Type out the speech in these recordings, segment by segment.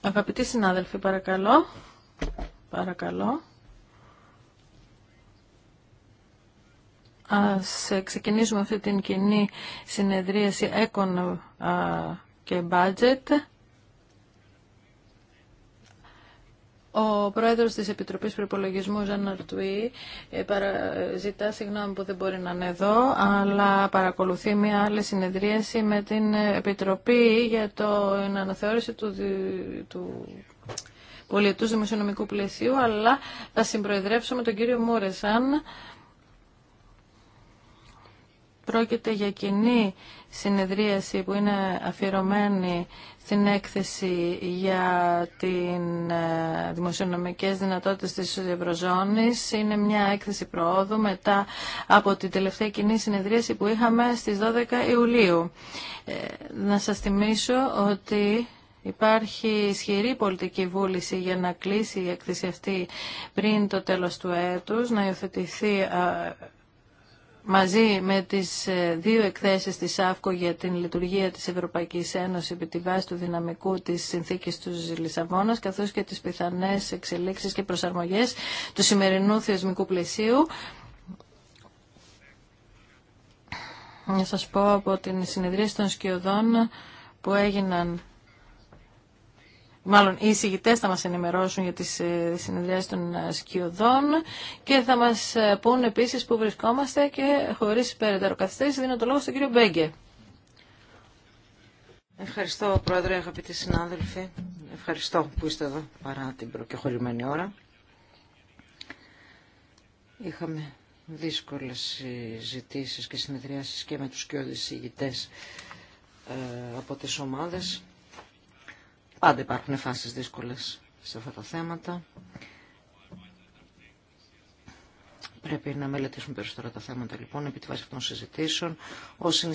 Αγαπητοί συνάδελφοι, παρακαλώ. Παρακαλώ. Ας ξεκινήσουμε αυτή την κοινή συνεδρίαση Econ και Budget. Ο πρόεδρος της Επιτροπής Προπολογισμού, Ζαν Αρτουή, ε, ζητά συγγνώμη που δεν μπορεί να είναι εδώ, αλλά παρακολουθεί μια άλλη συνεδρίαση με την Επιτροπή για την αναθεώρηση του, του δημοσιονομικού πλαισίου, αλλά θα συμπροεδρεύσω με τον κύριο Μούρεσαν, Πρόκειται για κοινή συνεδρίαση που είναι αφιερωμένη στην έκθεση για την ε, δημοσιονομικές δυνατότητες της Ευρωζώνης. Είναι μια έκθεση προόδου μετά από την τελευταία κοινή συνεδρίαση που είχαμε στις 12 Ιουλίου. Ε, να σας θυμίσω ότι Υπάρχει ισχυρή πολιτική βούληση για να κλείσει η έκθεση αυτή πριν το τέλος του έτους, να υιοθετηθεί μαζί με τις ε, δύο εκθέσεις της ΑΦΚΟ για την λειτουργία της Ευρωπαϊκής Ένωσης επί τη βάση του δυναμικού της συνθήκης του Λισαβόνας καθώς και τις πιθανές εξελίξεις και προσαρμογές του σημερινού θεσμικού πλαισίου. Να σας πω από την συνεδρίαση των σκιωδών που έγιναν μάλλον οι εισηγητές θα μας ενημερώσουν για τις ε, συνεδριάσεις των ε, σκιωδών και θα μας ε, πούν επίσης που βρισκόμαστε και χωρίς περαιτέρω καθυστέρηση δίνω το λόγο στον κύριο Μπέγκε. Ευχαριστώ Πρόεδρε, αγαπητοί συνάδελφοι. Ευχαριστώ που είστε εδώ παρά την προκεχωρημένη ώρα. Είχαμε δύσκολες ζητησεις και συνεδριάσεις και με τους κοιόδης ηγητές από τις ομάδες Πάντα υπάρχουν φάσεις δύσκολες σε αυτά τα θέματα. Πρέπει να μελετήσουμε περισσότερα τα θέματα λοιπόν επί τη βάση αυτών των συζητήσεων. Ως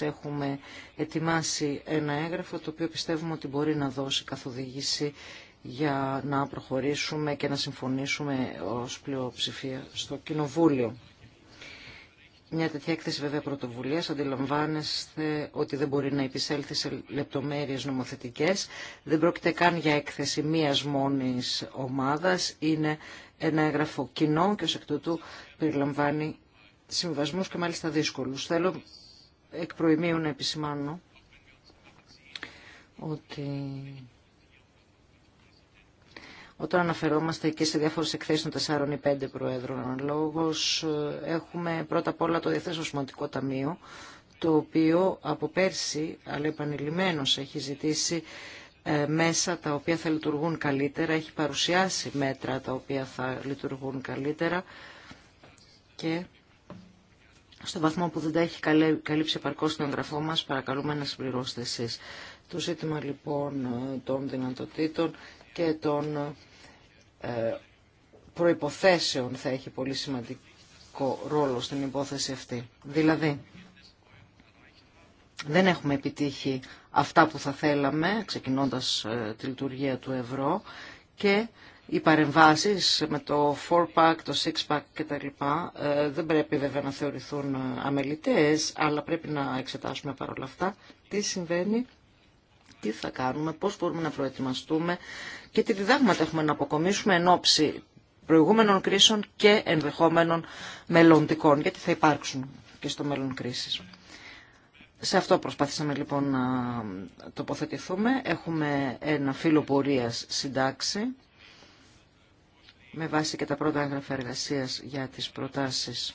έχουμε ετοιμάσει ένα έγγραφο το οποίο πιστεύουμε ότι μπορεί να δώσει καθοδήγηση για να προχωρήσουμε και να συμφωνήσουμε ως πλειοψηφία στο Κοινοβούλιο. Μια τέτοια έκθεση βέβαια πρωτοβουλία αντιλαμβάνεστε ότι δεν μπορεί να επισέλθει σε λεπτομέρειες νομοθετικές. Δεν πρόκειται καν για έκθεση μίας μόνης ομάδας. Είναι ένα έγγραφο κοινό και ω εκ τούτου περιλαμβάνει συμβασμούς και μάλιστα δύσκολους. Θέλω εκ προημίου να επισημάνω ότι όταν αναφερόμαστε και σε διάφορες εκθέσει των τεσσάρων ή πέντε προέδρων λόγος, ε, έχουμε πρώτα απ' όλα το Διεθνέ Οσμοτικό Ταμείο, το οποίο από πέρσι, αλλά επανειλημμένω, έχει ζητήσει ε, μέσα τα οποία θα λειτουργούν καλύτερα, έχει παρουσιάσει μέτρα τα οποία θα λειτουργούν καλύτερα και στο βαθμό που δεν τα έχει καλύψει επαρκώς τον εγγραφό μας, παρακαλούμε να συμπληρώσετε εσείς. Το ζήτημα λοιπόν ε, των δυνατοτήτων και των ε, προϋποθέσεων θα έχει πολύ σημαντικό ρόλο στην υπόθεση αυτή. Δηλαδή, δεν έχουμε επιτύχει αυτά που θα θέλαμε, ξεκινώντας ε, τη λειτουργία του ευρώ και οι παρεμβάσεις με το 4-pack, το 6-pack κτλ. Ε, δεν πρέπει βέβαια να θεωρηθούν αμελητές, αλλά πρέπει να εξετάσουμε παρόλα αυτά τι συμβαίνει τι θα κάνουμε, πώς μπορούμε να προετοιμαστούμε και τι διδάγματα έχουμε να αποκομίσουμε εν ώψη προηγούμενων κρίσεων και ενδεχόμενων μελλοντικών, γιατί θα υπάρξουν και στο μέλλον κρίσεις. Σε αυτό προσπαθήσαμε λοιπόν να τοποθετηθούμε. Έχουμε ένα φύλλο πορείας συντάξει με βάση και τα πρώτα έγγραφα εργασίας για τις προτάσεις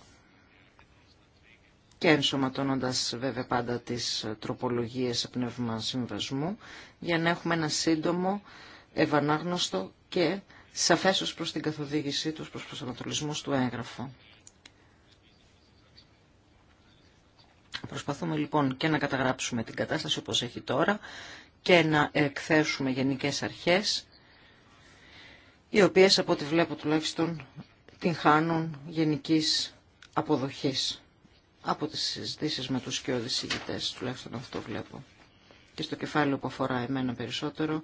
και ενσωματώνοντας βέβαια πάντα τις τροπολογίες πνεύμα συμβασμού για να έχουμε ένα σύντομο, ευανάγνωστο και σαφές ως προς την καθοδήγησή τους προς προσανατολισμούς του έγγραφου. Προσπαθούμε λοιπόν και να καταγράψουμε την κατάσταση όπως έχει τώρα και να εκθέσουμε γενικές αρχές οι οποίες από ό,τι βλέπω τουλάχιστον την χάνουν γενικής αποδοχής από τις συζητήσεις με τους και ηγητές, τουλάχιστον αυτό βλέπω. Και στο κεφάλαιο που αφορά εμένα περισσότερο,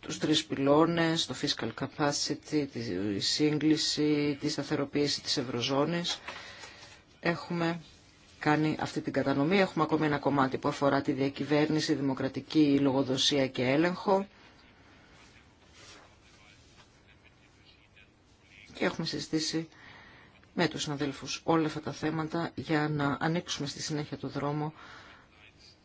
τους τρεις πυλώνες, το fiscal capacity, τη σύγκληση, τη σταθεροποίηση της Ευρωζώνης, έχουμε κάνει αυτή την κατανομή. Έχουμε ακόμη ένα κομμάτι που αφορά τη διακυβέρνηση, δημοκρατική λογοδοσία και έλεγχο. Και έχουμε συζητήσει με τους συναδέλφους όλα αυτά τα θέματα για να ανοίξουμε στη συνέχεια το δρόμο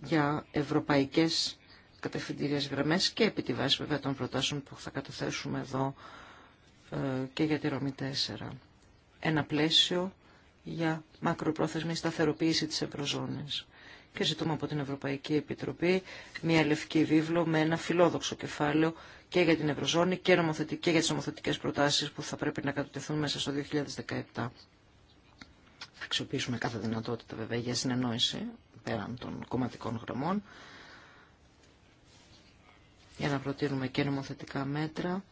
για ευρωπαϊκές κατευθυντήριες γραμμές και επί τη βάση βέβαια των προτάσεων που θα καταθέσουμε εδώ ε, και για τη Ρωμή 4. Ένα πλαίσιο για μακροπρόθεσμη σταθεροποίηση της Ευρωζώνης. Και ζητούμε από την Ευρωπαϊκή Επιτροπή μια λευκή βίβλο με ένα φιλόδοξο κεφάλαιο και για την Ευρωζώνη και, για τις νομοθετικές προτάσεις που θα πρέπει να κατοτεθούν μέσα στο 2017. Θα αξιοποιήσουμε κάθε δυνατότητα βέβαια για συνεννόηση πέραν των κομματικών γραμμών για να προτείνουμε και νομοθετικά μέτρα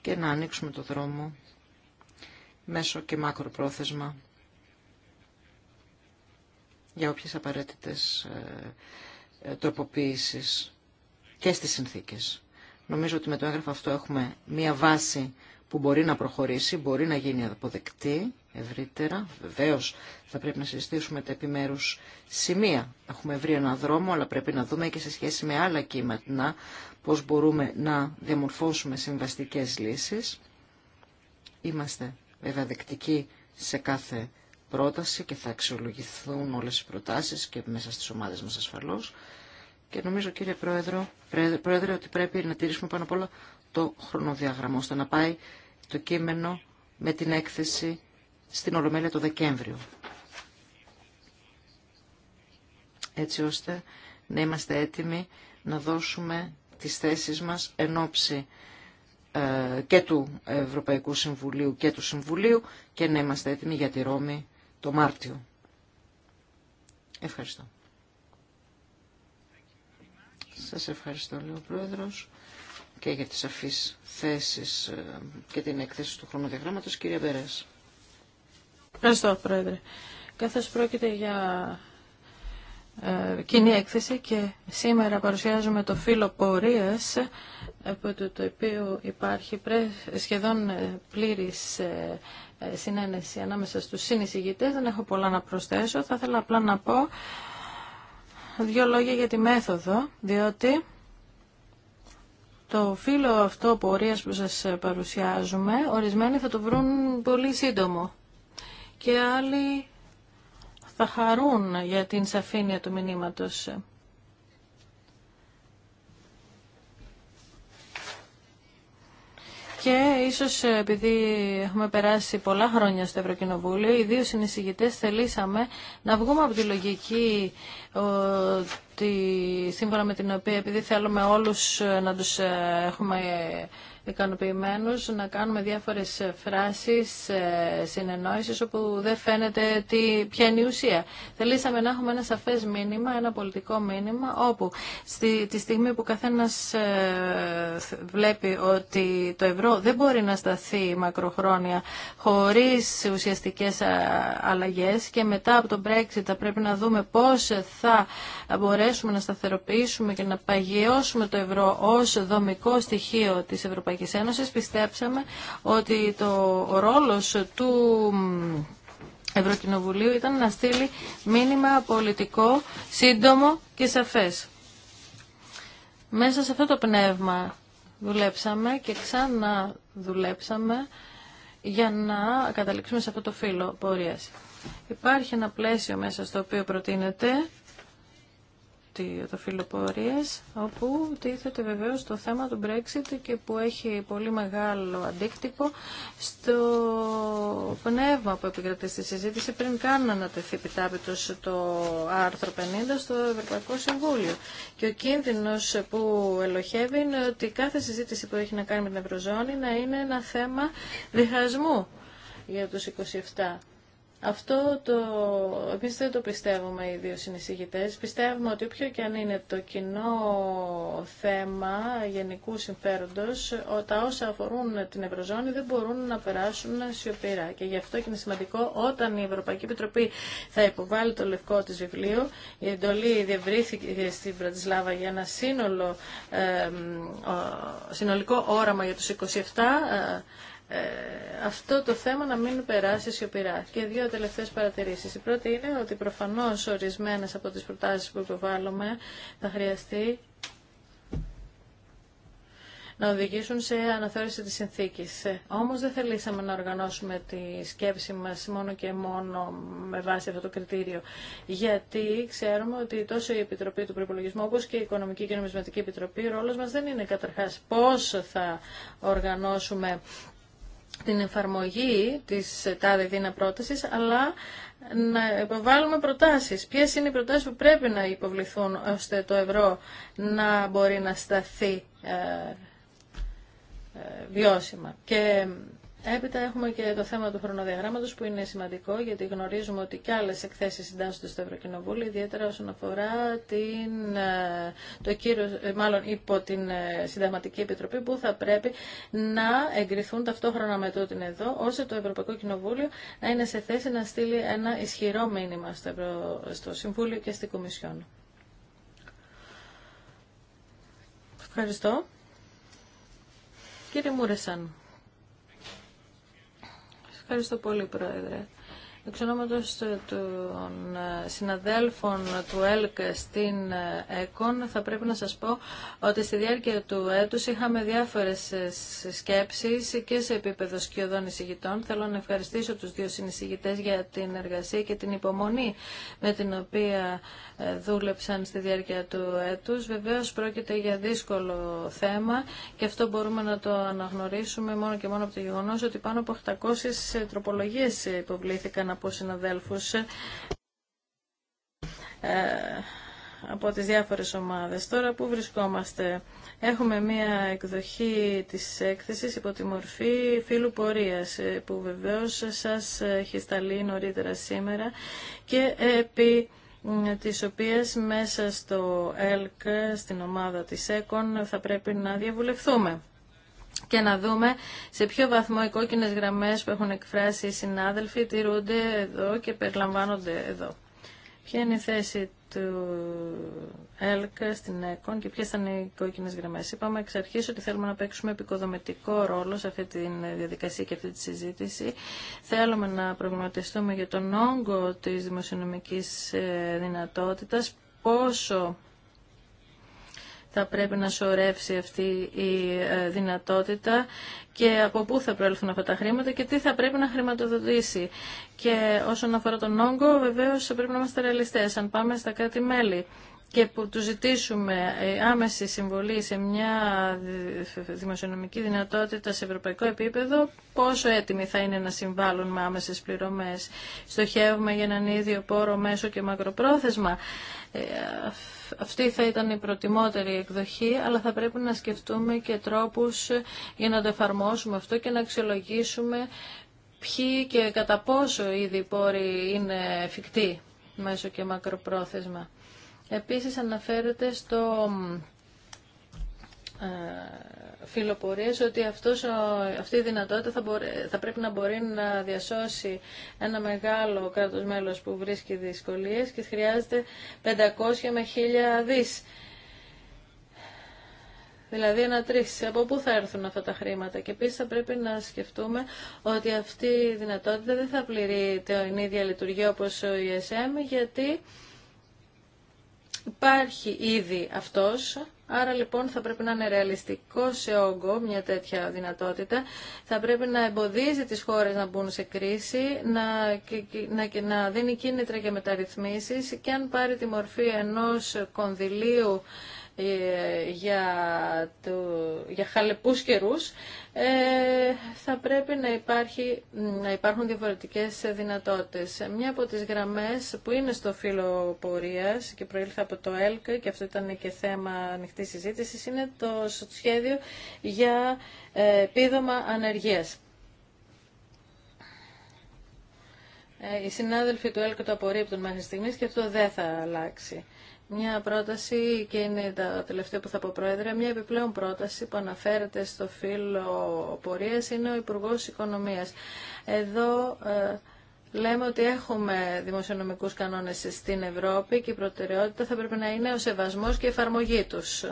και να ανοίξουμε το δρόμο μέσω και μακροπρόθεσμα για όποιες απαραίτητες ε, ε, τροποποίησεις και στις συνθήκες. Νομίζω ότι με το έγγραφο αυτό έχουμε μία βάση που μπορεί να προχωρήσει, μπορεί να γίνει αποδεκτή ευρύτερα. Βεβαίω θα πρέπει να συζητήσουμε τα επιμέρου σημεία. Έχουμε βρει έναν δρόμο, αλλά πρέπει να δούμε και σε σχέση με άλλα κύματα πώ μπορούμε να διαμορφώσουμε συμβαστικέ λύσει. Είμαστε βέβαια δεκτικοί σε κάθε πρόταση και θα αξιολογηθούν όλες οι προτάσεις και μέσα στις ομάδες μας ασφαλώς. Και νομίζω κύριε Πρόεδρο, Πρόεδρε ότι πρέπει να τηρήσουμε πάνω απ' όλα το χρονοδιαγραμμό, ώστε να πάει το κείμενο με την έκθεση στην Ολομέλεια το Δεκέμβριο. Έτσι ώστε να είμαστε έτοιμοι να δώσουμε τις θέσεις μας εν ώψη ε, και του Ευρωπαϊκού Συμβουλίου και του Συμβουλίου και να είμαστε έτοιμοι για τη Ρώμη το Μάρτιο. Ευχαριστώ. Σας ευχαριστώ, λέει ο Πρόεδρος, και για τις αφείς θέσεις ε, και την έκθεση του χρονοδιαγράμματος. Κύριε Μπερές. Ευχαριστώ, Πρόεδρε. Καθώς πρόκειται για ε, κοινή έκθεση και σήμερα παρουσιάζουμε το φύλλο πορείας ε, από το, οποίο υπάρχει σχεδόν πλήρης συνένεση ανάμεσα στους συνεισηγητές. Δεν έχω πολλά να προσθέσω. Θα ήθελα απλά να πω δύο λόγια για τη μέθοδο, διότι το φύλλο αυτό πορείας που σας παρουσιάζουμε, ορισμένοι θα το βρουν πολύ σύντομο και άλλοι θα χαρούν για την σαφήνεια του μηνύματος. Και ίσως ε, επειδή έχουμε περάσει πολλά χρόνια στο Ευρωκοινοβούλιο, οι δύο συνεισηγητές θελήσαμε να βγούμε από τη λογική σύμφωνα με την οποία επειδή θέλουμε όλους ε, να τους ε, έχουμε ικανοποιημένους να κάνουμε διάφορες φράσεις ε, συνεννόησης όπου δεν φαίνεται τι, ποια είναι η ουσία. Θελήσαμε να έχουμε ένα σαφές μήνυμα, ένα πολιτικό μήνυμα όπου στη, τη στιγμή που καθένας ε, βλέπει ότι το ευρώ δεν μπορεί να σταθεί μακροχρόνια χωρίς ουσιαστικές ε, αλλαγές και μετά από τον Brexit θα πρέπει να δούμε πώς θα μπορέσουμε να σταθεροποιήσουμε και να παγιώσουμε το ευρώ ως δομικό στοιχείο της Ευρωπαϊκής Ευρωπαϊκή Ένωση, πιστέψαμε ότι το, ο ρόλος του Ευρωκοινοβουλίου ήταν να στείλει μήνυμα πολιτικό, σύντομο και σαφές. Μέσα σε αυτό το πνεύμα δουλέψαμε και ξανά δουλέψαμε για να καταλήξουμε σε αυτό το φύλλο πορείας. Υπάρχει ένα πλαίσιο μέσα στο οποίο προτείνεται το Φιλοπορίες, όπου τίθεται βεβαίως το θέμα του Brexit και που έχει πολύ μεγάλο αντίκτυπο στο πνεύμα που επικρατεί στη συζήτηση πριν καν ανατεθεί επιτάπητος το άρθρο 50 στο Ευρωπαϊκό Συμβούλιο. Και ο κίνδυνος που ελοχεύει είναι ότι κάθε συζήτηση που έχει να κάνει με την Ευρωζώνη να είναι ένα θέμα διχασμού για τους 27 αυτό το, επίσης δεν το πιστεύουμε οι δύο συνεισηγητές. Πιστεύουμε ότι όποιο και αν είναι το κοινό θέμα γενικού συμφέροντος, τα όσα αφορούν την Ευρωζώνη δεν μπορούν να περάσουν σιωπηρά. Και γι' αυτό είναι σημαντικό όταν η Ευρωπαϊκή Επιτροπή θα υποβάλει το λευκό της βιβλίο, η εντολή διευρύθηκε στην Πρατισλάβα για ένα σύνολο, συνολικό όραμα για τους 27 ε, αυτό το θέμα να μην περάσει σιωπηρά. Και δύο τελευταίες παρατηρήσεις. Η πρώτη είναι ότι προφανώς ορισμένες από τις προτάσεις που υποβάλλουμε θα χρειαστεί να οδηγήσουν σε αναθεώρηση της συνθήκης. Ε, όμως δεν θελήσαμε να οργανώσουμε τη σκέψη μας μόνο και μόνο με βάση αυτό το κριτήριο. Γιατί ξέρουμε ότι τόσο η Επιτροπή του Προπολογισμού όπως και η Οικονομική και Νομισματική Επιτροπή, ρόλος μας δεν είναι καταρχάς πώς θα οργανώσουμε την εφαρμογή της τάδε δίνα πρότασης, αλλά να υποβάλουμε προτάσεις. Ποιες είναι οι προτάσεις που πρέπει να υποβληθούν ώστε το ευρώ να μπορεί να σταθεί ε, ε, βιώσιμα. Έπειτα έχουμε και το θέμα του χρονοδιαγράμματος που είναι σημαντικό γιατί γνωρίζουμε ότι και άλλε εκθέσεις συντάσσονται στο Ευρωκοινοβούλιο ιδιαίτερα όσον αφορά την, ε, το κύριο, ε, μάλλον υπό την ε, Συνταγματική Επιτροπή που θα πρέπει να εγκριθούν ταυτόχρονα με είναι εδώ ώστε το Ευρωπαϊκό Κοινοβούλιο να είναι σε θέση να στείλει ένα ισχυρό μήνυμα στο, στο Συμβούλιο και στην Κομισιόν. Ευχαριστώ. Κύριε Μούρεσαν. Ευχαριστώ πολύ, Πρόεδρε. Εξ ονόματος ε, των ε, συναδέλφων του ΕΛΚ στην ε, ΕΚΟΝ θα πρέπει να σας πω ότι στη διάρκεια του έτους είχαμε διάφορες σκέψεις και σε επίπεδο σκιωδών εισηγητών. Θέλω να ευχαριστήσω τους δύο συνεισηγητές για την εργασία και την υπομονή με την οποία δούλεψαν στη διάρκεια του έτους. Βεβαίως πρόκειται για δύσκολο θέμα και αυτό μπορούμε να το αναγνωρίσουμε μόνο και μόνο από το γεγονός ότι πάνω από 800 τροπολογίες υποβλήθηκαν από συναδέλφους ε, από τις διάφορες ομάδες. Τώρα που βρισκόμαστε. Έχουμε μία εκδοχή της έκθεσης υπό τη μορφή φίλου πορείας ε, που βεβαίως σας έχει σταλεί νωρίτερα σήμερα και επί τις οποίες μέσα στο ΕΛΚ, στην ομάδα της ΕΚΟΝ, θα πρέπει να διαβουλευτούμε και να δούμε σε ποιο βαθμό οι κόκκινε γραμμέ που έχουν εκφράσει οι συνάδελφοι τηρούνται εδώ και περιλαμβάνονται εδώ. Ποια είναι η θέση του ΕΛΚ στην ΕΚΟΝ και ποιε ήταν οι κόκκινε γραμμέ. Είπαμε εξ αρχή ότι θέλουμε να παίξουμε επικοδομητικό ρόλο σε αυτή τη διαδικασία και αυτή τη συζήτηση. Θέλουμε να προγραμματιστούμε για τον όγκο τη δημοσιονομική ε, δυνατότητα, πόσο θα πρέπει να σωρεύσει αυτή η ε, δυνατότητα και από πού θα προέλθουν αυτά τα χρήματα και τι θα πρέπει να χρηματοδοτήσει. Και όσον αφορά τον όγκο, βεβαίως πρέπει να είμαστε ρεαλιστές. Αν πάμε στα κράτη-μέλη, και που του ζητήσουμε ε, άμεση συμβολή σε μια ε, δημοσιονομική δυνατότητα σε ευρωπαϊκό επίπεδο, πόσο έτοιμοι θα είναι να συμβάλλουν με άμεσες πληρωμές. Στοχεύουμε για έναν ίδιο πόρο μέσω και μακροπρόθεσμα. Ε, αυτή θα ήταν η προτιμότερη εκδοχή, αλλά θα πρέπει να σκεφτούμε και τρόπους για να το εφαρμόσουμε αυτό και να αξιολογήσουμε ποιοι και κατά πόσο ήδη οι πόροι είναι εφικτοί μέσω και μακροπρόθεσμα. Επίσης αναφέρεται στο ε, φιλοπορίες ότι αυτός, αυτή η δυνατότητα θα, πρέπει να μπορεί να διασώσει ένα μεγάλο κράτος μέλος που βρίσκει δυσκολίες και χρειάζεται 500 με 1000 δις. Δηλαδή ένα τρεις. Από πού θα έρθουν αυτά τα χρήματα. Και επίσης θα πρέπει να σκεφτούμε ότι αυτή η δυνατότητα δεν θα πληρεί την ίδια λειτουργία όπως ο ESM γιατί Υπάρχει ήδη αυτός, άρα λοιπόν θα πρέπει να είναι ρεαλιστικό σε όγκο μια τέτοια δυνατότητα. Θα πρέπει να εμποδίζει τις χώρες να μπουν σε κρίση, να, να, να δίνει κίνητρα για μεταρρυθμίσεις και αν πάρει τη μορφή ενός κονδυλίου ε, για, το, για χαλεπούς καιρούς, ε, θα πρέπει να, υπάρχει, να υπάρχουν διαφορετικές δυνατότητες. Μια από τις γραμμές που είναι στο φύλλο πορείας και προήλθε από το ΕΛΚ και αυτό ήταν και θέμα ανοιχτή συζήτηση, είναι το σχέδιο για ε, επίδομα ανεργίας. Οι συνάδελφοι του ΕΛΚ το απορρίπτουν μέχρι στιγμής και αυτό δεν θα αλλάξει μια πρόταση και είναι τα τελευταία που θα πω Πρόεδρε, μια επιπλέον πρόταση που αναφέρεται στο φύλλο πορεία είναι ο υπουργό Οικονομίας. Εδώ ε, Λέμε ότι έχουμε δημοσιονομικούς κανόνες στην Ευρώπη και η προτεραιότητα θα πρέπει να είναι ο σεβασμός και η εφαρμογή τους.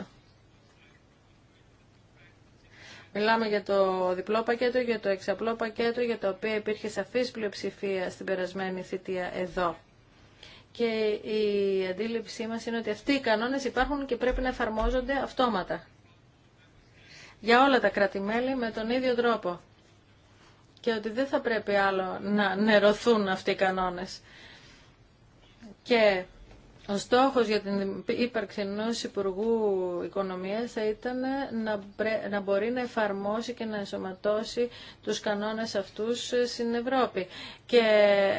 Μιλάμε για το διπλό πακέτο, για το εξαπλό πακέτο, για το οποίο υπήρχε σαφής πλειοψηφία στην περασμένη θητεία εδώ και η αντίληψή μας είναι ότι αυτοί οι κανόνες υπάρχουν και πρέπει να εφαρμόζονται αυτόματα. Για όλα τα κρατημέλη με τον ίδιο τρόπο. Και ότι δεν θα πρέπει άλλο να νερωθούν αυτοί οι κανόνες. Και ο στόχος για την ύπαρξη ενό Υπουργού Οικονομίας θα ήταν να, μπορεί να εφαρμόσει και να ενσωματώσει τους κανόνες αυτούς στην Ευρώπη. Και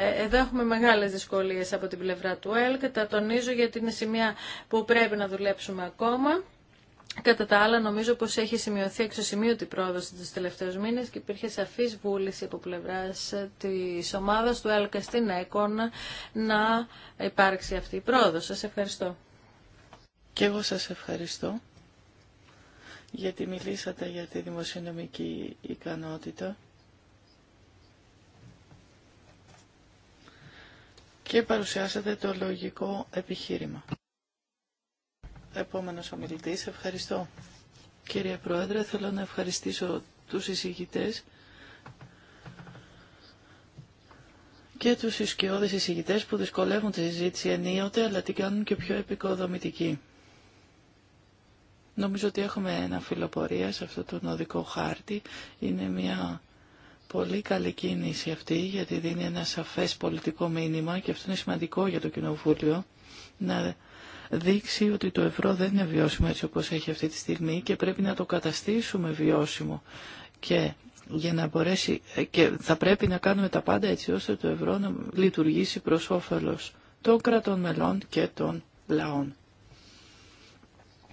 ε, εδώ έχουμε μεγάλες δυσκολίες από την πλευρά του ΕΛΚ. Τα τονίζω γιατί είναι σημεία που πρέπει να δουλέψουμε ακόμα. Κατά τα άλλα, νομίζω πως έχει σημειωθεί εξωσημείωτη πρόοδο τους τελευταίους μήνες και υπήρχε σαφής βούληση από πλευρά της ομάδας του ΕΛΚΑ στην ΕΚΟΝ να υπάρξει αυτή η πρόοδο. Σας ευχαριστώ. Και εγώ σας ευχαριστώ γιατί μιλήσατε για τη δημοσιονομική ικανότητα. και παρουσιάσατε το λογικό επιχείρημα. Επόμενος ομιλητής, ευχαριστώ. Κύριε Πρόεδρε, θέλω να ευχαριστήσω τους εισηγητές και τους ισκιώδες εισηγητές που δυσκολεύουν τη συζήτηση ενίοτε, αλλά την κάνουν και πιο επικοδομητική. Νομίζω ότι έχουμε ένα φιλοπορία σε αυτό το νοδικό χάρτη. Είναι μια πολύ καλή κίνηση αυτή, γιατί δίνει ένα σαφές πολιτικό μήνυμα και αυτό είναι σημαντικό για το Κοινοβούλιο, να δείξει ότι το ευρώ δεν είναι βιώσιμο έτσι όπως έχει αυτή τη στιγμή και πρέπει να το καταστήσουμε βιώσιμο. Και για να μπορέσει και θα πρέπει να κάνουμε τα πάντα έτσι ώστε το ευρώ να λειτουργήσει προς όφελος των κρατών μελών και των λαών.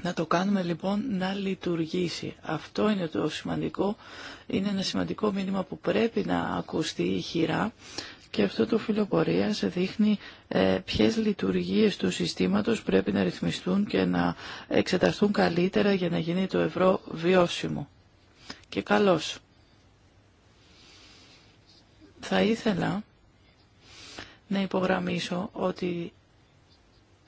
Να το κάνουμε λοιπόν να λειτουργήσει. Αυτό είναι το σημαντικό. Είναι ένα σημαντικό μήνυμα που πρέπει να ακουστεί χειρά και αυτό το φιλοπορία δείχνει ε, ποιες λειτουργίες του συστήματος πρέπει να ρυθμιστούν και να εξεταστούν καλύτερα για να γίνει το ευρώ βιώσιμο. Και καλώς. Θα ήθελα να υπογραμμίσω ότι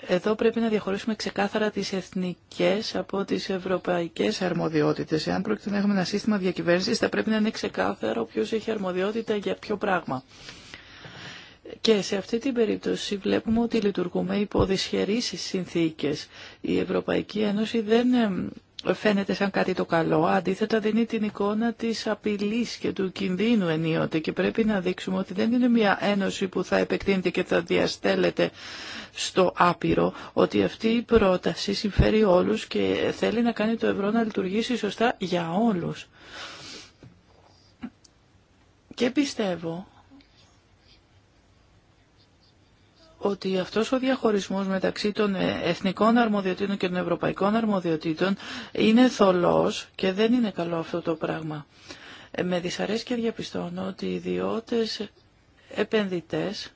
εδώ πρέπει να διαχωρίσουμε ξεκάθαρα τις εθνικές από τις ευρωπαϊκές αρμοδιότητες. Εάν πρόκειται να έχουμε ένα σύστημα διακυβέρνησης θα πρέπει να είναι ξεκάθαρο ποιος έχει αρμοδιότητα για ποιο πράγμα. Και σε αυτή την περίπτωση βλέπουμε ότι λειτουργούμε υπό δυσχερείς συνθήκες. Η Ευρωπαϊκή Ένωση δεν φαίνεται σαν κάτι το καλό, αντίθετα δίνει την εικόνα της απειλής και του κινδύνου ενίοτε και πρέπει να δείξουμε ότι δεν είναι μια ένωση που θα επεκτείνεται και θα διαστέλλεται στο άπειρο, ότι αυτή η πρόταση συμφέρει όλους και θέλει να κάνει το ευρώ να λειτουργήσει σωστά για όλους. Και πιστεύω ότι αυτός ο διαχωρισμός μεταξύ των ε, εθνικών αρμοδιοτήτων και των ευρωπαϊκών αρμοδιοτήτων είναι θολός και δεν είναι καλό αυτό το πράγμα. Ε, με δυσαρέσκεια διαπιστώνω ότι οι ιδιώτες επενδυτές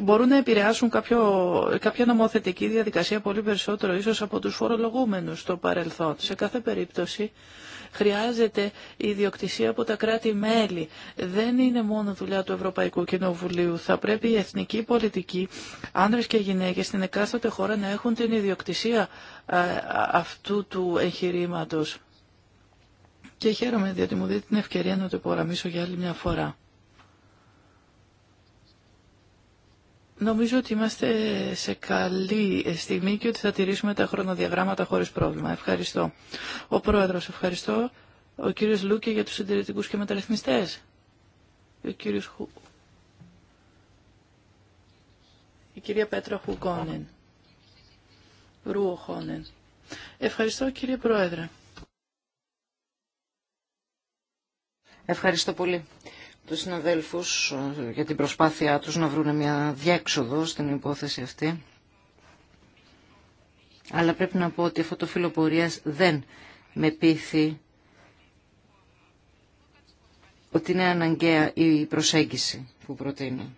μπορούν να επηρεάσουν κάποιο, κάποια νομοθετική διαδικασία πολύ περισσότερο ίσως από τους φορολογούμενους στο παρελθόν. Σε κάθε περίπτωση χρειάζεται η ιδιοκτησία από τα κράτη-μέλη. Δεν είναι μόνο δουλειά του Ευρωπαϊκού Κοινοβουλίου. Θα πρέπει οι εθνικοί πολιτικοί, άνδρες και γυναίκες στην εκάστοτε χώρα να έχουν την ιδιοκτησία ε, αυτού του εγχειρήματος. Και χαίρομαι διότι μου δίνει την ευκαιρία να το υπογραμμίσω για άλλη μια φορά. Νομίζω ότι είμαστε σε καλή στιγμή και ότι θα τηρήσουμε τα χρονοδιαγράμματα χωρίς πρόβλημα. Ευχαριστώ. Ο Πρόεδρος, ευχαριστώ. Ο κύριος Λούκε για τους συντηρητικούς και μεταρρυθμιστές. Ο κύριος Χου... Η κυρία Πέτρα Χουγκόνεν. Ρούοχόνεν. Ευχαριστώ κύριε Πρόεδρε. Ευχαριστώ πολύ τους συναδέλφους ε, για την προσπάθειά τους να βρουν μια διέξοδο στην υπόθεση αυτή. Αλλά πρέπει να πω ότι αυτό το φιλοπορία δεν με πείθει ότι είναι αναγκαία η προσέγγιση που προτείνει.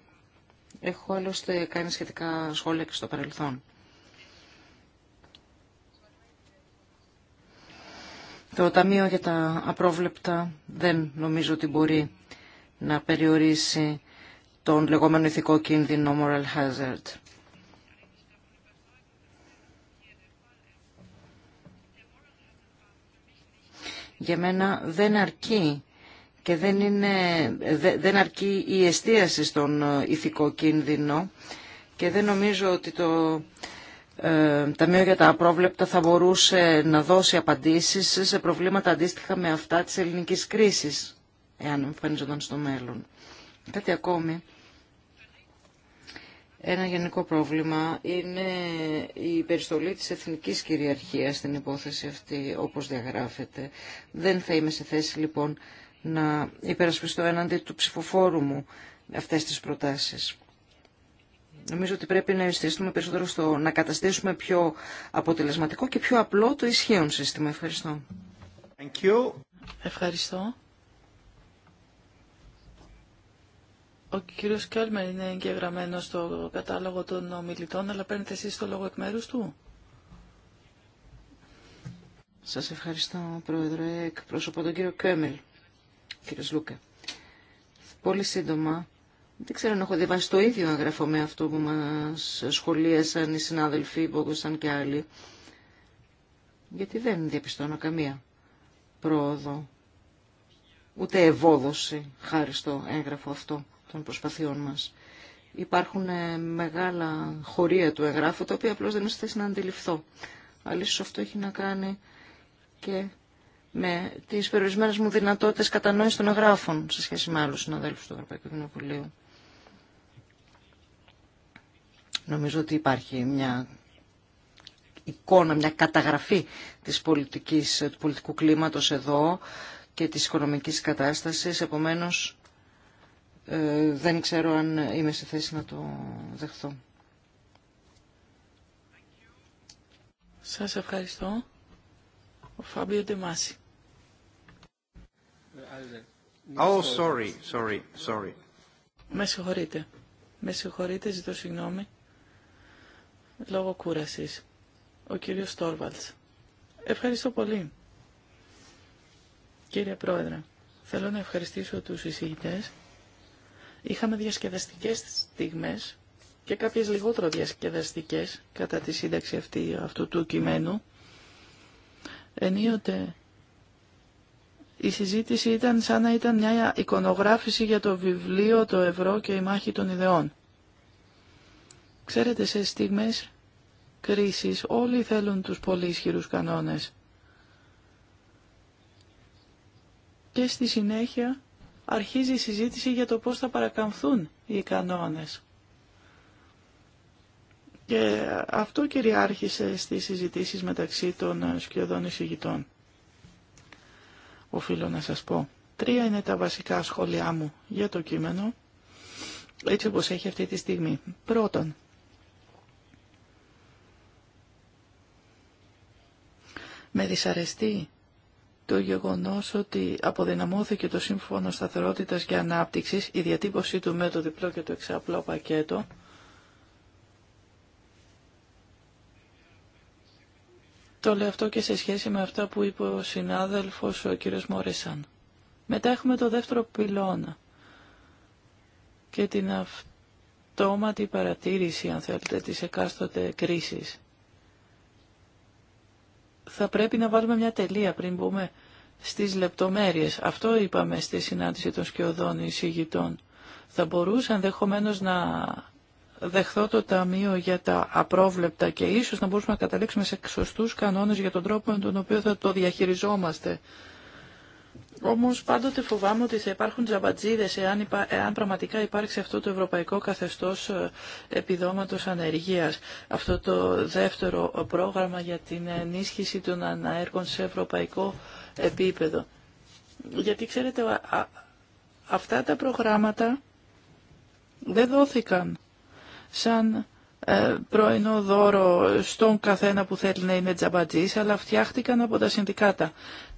Έχω άλλωστε κάνει σχετικά σχόλια και στο παρελθόν. Το Ταμείο για τα Απρόβλεπτα δεν νομίζω ότι μπορεί να περιορίσει τον λεγόμενο ηθικό κίνδυνο moral hazard. Για μένα δεν αρκεί και δεν, είναι, δεν αρκεί η εστίαση στον ε, ηθικό κίνδυνο και δεν νομίζω ότι το ε, Ταμείο για τα Απρόβλεπτα θα μπορούσε να δώσει απαντήσεις σε προβλήματα αντίστοιχα με αυτά της ελληνικής κρίσης εάν εμφανίζονταν στο μέλλον. Κάτι ακόμη. Ένα γενικό πρόβλημα είναι η περιστολή της εθνικής κυριαρχίας στην υπόθεση αυτή, όπως διαγράφεται. Δεν θα είμαι σε θέση λοιπόν να υπερασπιστώ έναντι του ψηφοφόρου μου αυτές τις προτάσεις. Νομίζω ότι πρέπει να εστιαστούμε περισσότερο στο να καταστήσουμε πιο αποτελεσματικό και πιο απλό το ισχύον σύστημα. Ευχαριστώ. Ευχαριστώ. Ο κύριο Κέλμερ είναι εγγεγραμμένο στο κατάλογο των ομιλητών, αλλά παίρνετε εσεί το λόγο εκ μέρου του. Σα ευχαριστώ, Πρόεδρε. Εκπρόσωπο τον κύριο Κέμελ, κύριο Λούκα. Πολύ σύντομα, δεν ξέρω αν έχω διαβάσει το ίδιο έγγραφο με αυτό που μα σχολίασαν οι συνάδελφοι, Μπόγκοσταν και άλλοι, γιατί δεν διαπιστώνω καμία πρόοδο, ούτε ευόδοση χάρη στο έγγραφο αυτό των προσπαθειών μας. Υπάρχουν ε, μεγάλα χωρία του εγγράφου, τα οποία απλώ δεν θέση να αντιληφθώ. Αλλά ίσως αυτό έχει να κάνει και με τις περιορισμένες μου δυνατότητε κατανόησης των εγγράφων σε σχέση με άλλου συναδέλφους του Ευρωπαϊκού Κοινοβουλίου. Νομίζω ότι υπάρχει μια εικόνα, μια καταγραφή της πολιτικής, του πολιτικού κλίματος εδώ και της οικονομικής κατάστασης. Επομένως, ε, δεν ξέρω αν είμαι σε θέση να το δεχθώ. Σας ευχαριστώ. Ο Φάμπιο Ντεμάση. Oh, sorry, sorry, sorry. Με συγχωρείτε. Με συγχωρείτε, ζητώ συγγνώμη. Λόγω κούρασης. Ο κύριος Στόρβαλτς. Ευχαριστώ πολύ. Κύριε Πρόεδρε, θέλω να ευχαριστήσω τους εισηγητές Είχαμε διασκεδαστικές στιγμές και κάποιες λιγότερο διασκεδαστικές κατά τη σύνταξη αυτή, αυτού του κειμένου. Ενίοτε η συζήτηση ήταν σαν να ήταν μια εικονογράφηση για το βιβλίο «Το ευρώ και η μάχη των ιδεών». Ξέρετε, σε στιγμές κρίσης όλοι θέλουν τους πολύ ισχυρούς κανόνες. Και στη συνέχεια αρχίζει η συζήτηση για το πώς θα παρακαμφθούν οι κανόνες. Και αυτό κυριάρχησε στις συζητήσεις μεταξύ των σκιωδών εισηγητών. Οφείλω να σας πω. Τρία είναι τα βασικά σχόλιά μου για το κείμενο, έτσι όπως έχει αυτή τη στιγμή. Πρώτον, με δυσαρεστεί το γεγονός ότι αποδυναμώθηκε το Σύμφωνο Σταθερότητας και Ανάπτυξης, η διατύπωσή του με το διπλό και το εξαπλό πακέτο, Το λέω αυτό και σε σχέση με αυτά που είπε ο συνάδελφος ο κ. Μόρισαν. Μετά έχουμε το δεύτερο πυλώνα και την αυτόματη παρατήρηση, αν θέλετε, της εκάστοτε κρίσης θα πρέπει να βάλουμε μια τελεία πριν μπούμε στις λεπτομέρειες. Αυτό είπαμε στη συνάντηση των σκιωδών εισηγητών. Θα μπορούσα ενδεχομένω να δεχθώ το Ταμείο για τα απρόβλεπτα και ίσως να μπορούσαμε να καταλήξουμε σε σωστούς κανόνες για τον τρόπο με τον οποίο θα το διαχειριζόμαστε Όμω πάντοτε φοβάμαι ότι θα υπάρχουν τζαμπατζίδε εάν, εάν πραγματικά υπάρξει αυτό το ευρωπαϊκό καθεστώς ε, επιδόματος Ανεργία Αυτό το δεύτερο ε, πρόγραμμα για την ενίσχυση των αναέργων σε ευρωπαϊκό επίπεδο. Γιατί ξέρετε, αυτά τα προγράμματα δεν δόθηκαν σαν ε, πρωινό δώρο στον καθένα που θέλει να είναι τζαμπατζής, αλλά φτιάχτηκαν από τα συνδικάτα.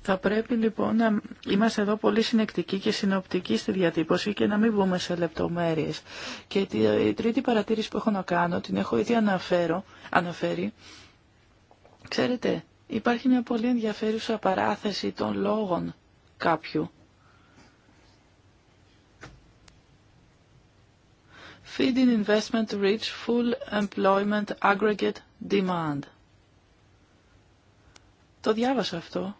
Θα πρέπει λοιπόν να είμαστε εδώ πολύ συνεκτικοί και συνοπτικοί στη διατύπωση και να μην βγούμε σε λεπτομέρειες. Και η τρίτη παρατήρηση που έχω να κάνω, την έχω ήδη αναφέρω, αναφέρει. Ξέρετε, υπάρχει μια πολύ ενδιαφέρουσα παράθεση των λόγων κάποιου. Feeding investment reach full employment aggregate demand. Το διάβασα αυτό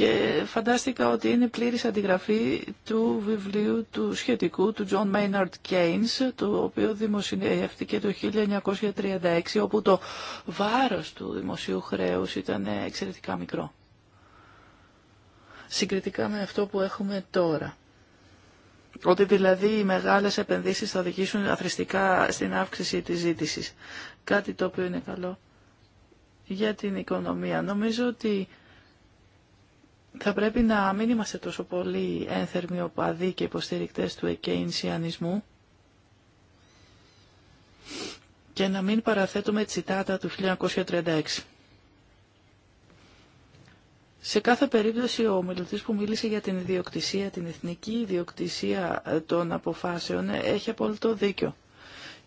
και φαντάστηκα ότι είναι πλήρης αντιγραφή του βιβλίου του σχετικού του John Maynard Keynes, το οποίο δημοσιεύτηκε το 1936, όπου το βάρος του δημοσίου χρέους ήταν εξαιρετικά μικρό. Συγκριτικά με αυτό που έχουμε τώρα. Ότι δηλαδή οι μεγάλες επενδύσεις θα οδηγήσουν αθρηστικά στην αύξηση της ζήτησης. Κάτι το οποίο είναι καλό για την οικονομία. Νομίζω ότι θα πρέπει να μην είμαστε τόσο πολύ ένθερμοι οπαδοί και υποστηρικτές του εκέινσιανισμού και να μην παραθέτουμε τσιτάτα του 1936. Σε κάθε περίπτωση ο μιλωτής που μίλησε για την ιδιοκτησία, την εθνική ιδιοκτησία ε, των αποφάσεων ε, έχει απόλυτο δίκιο.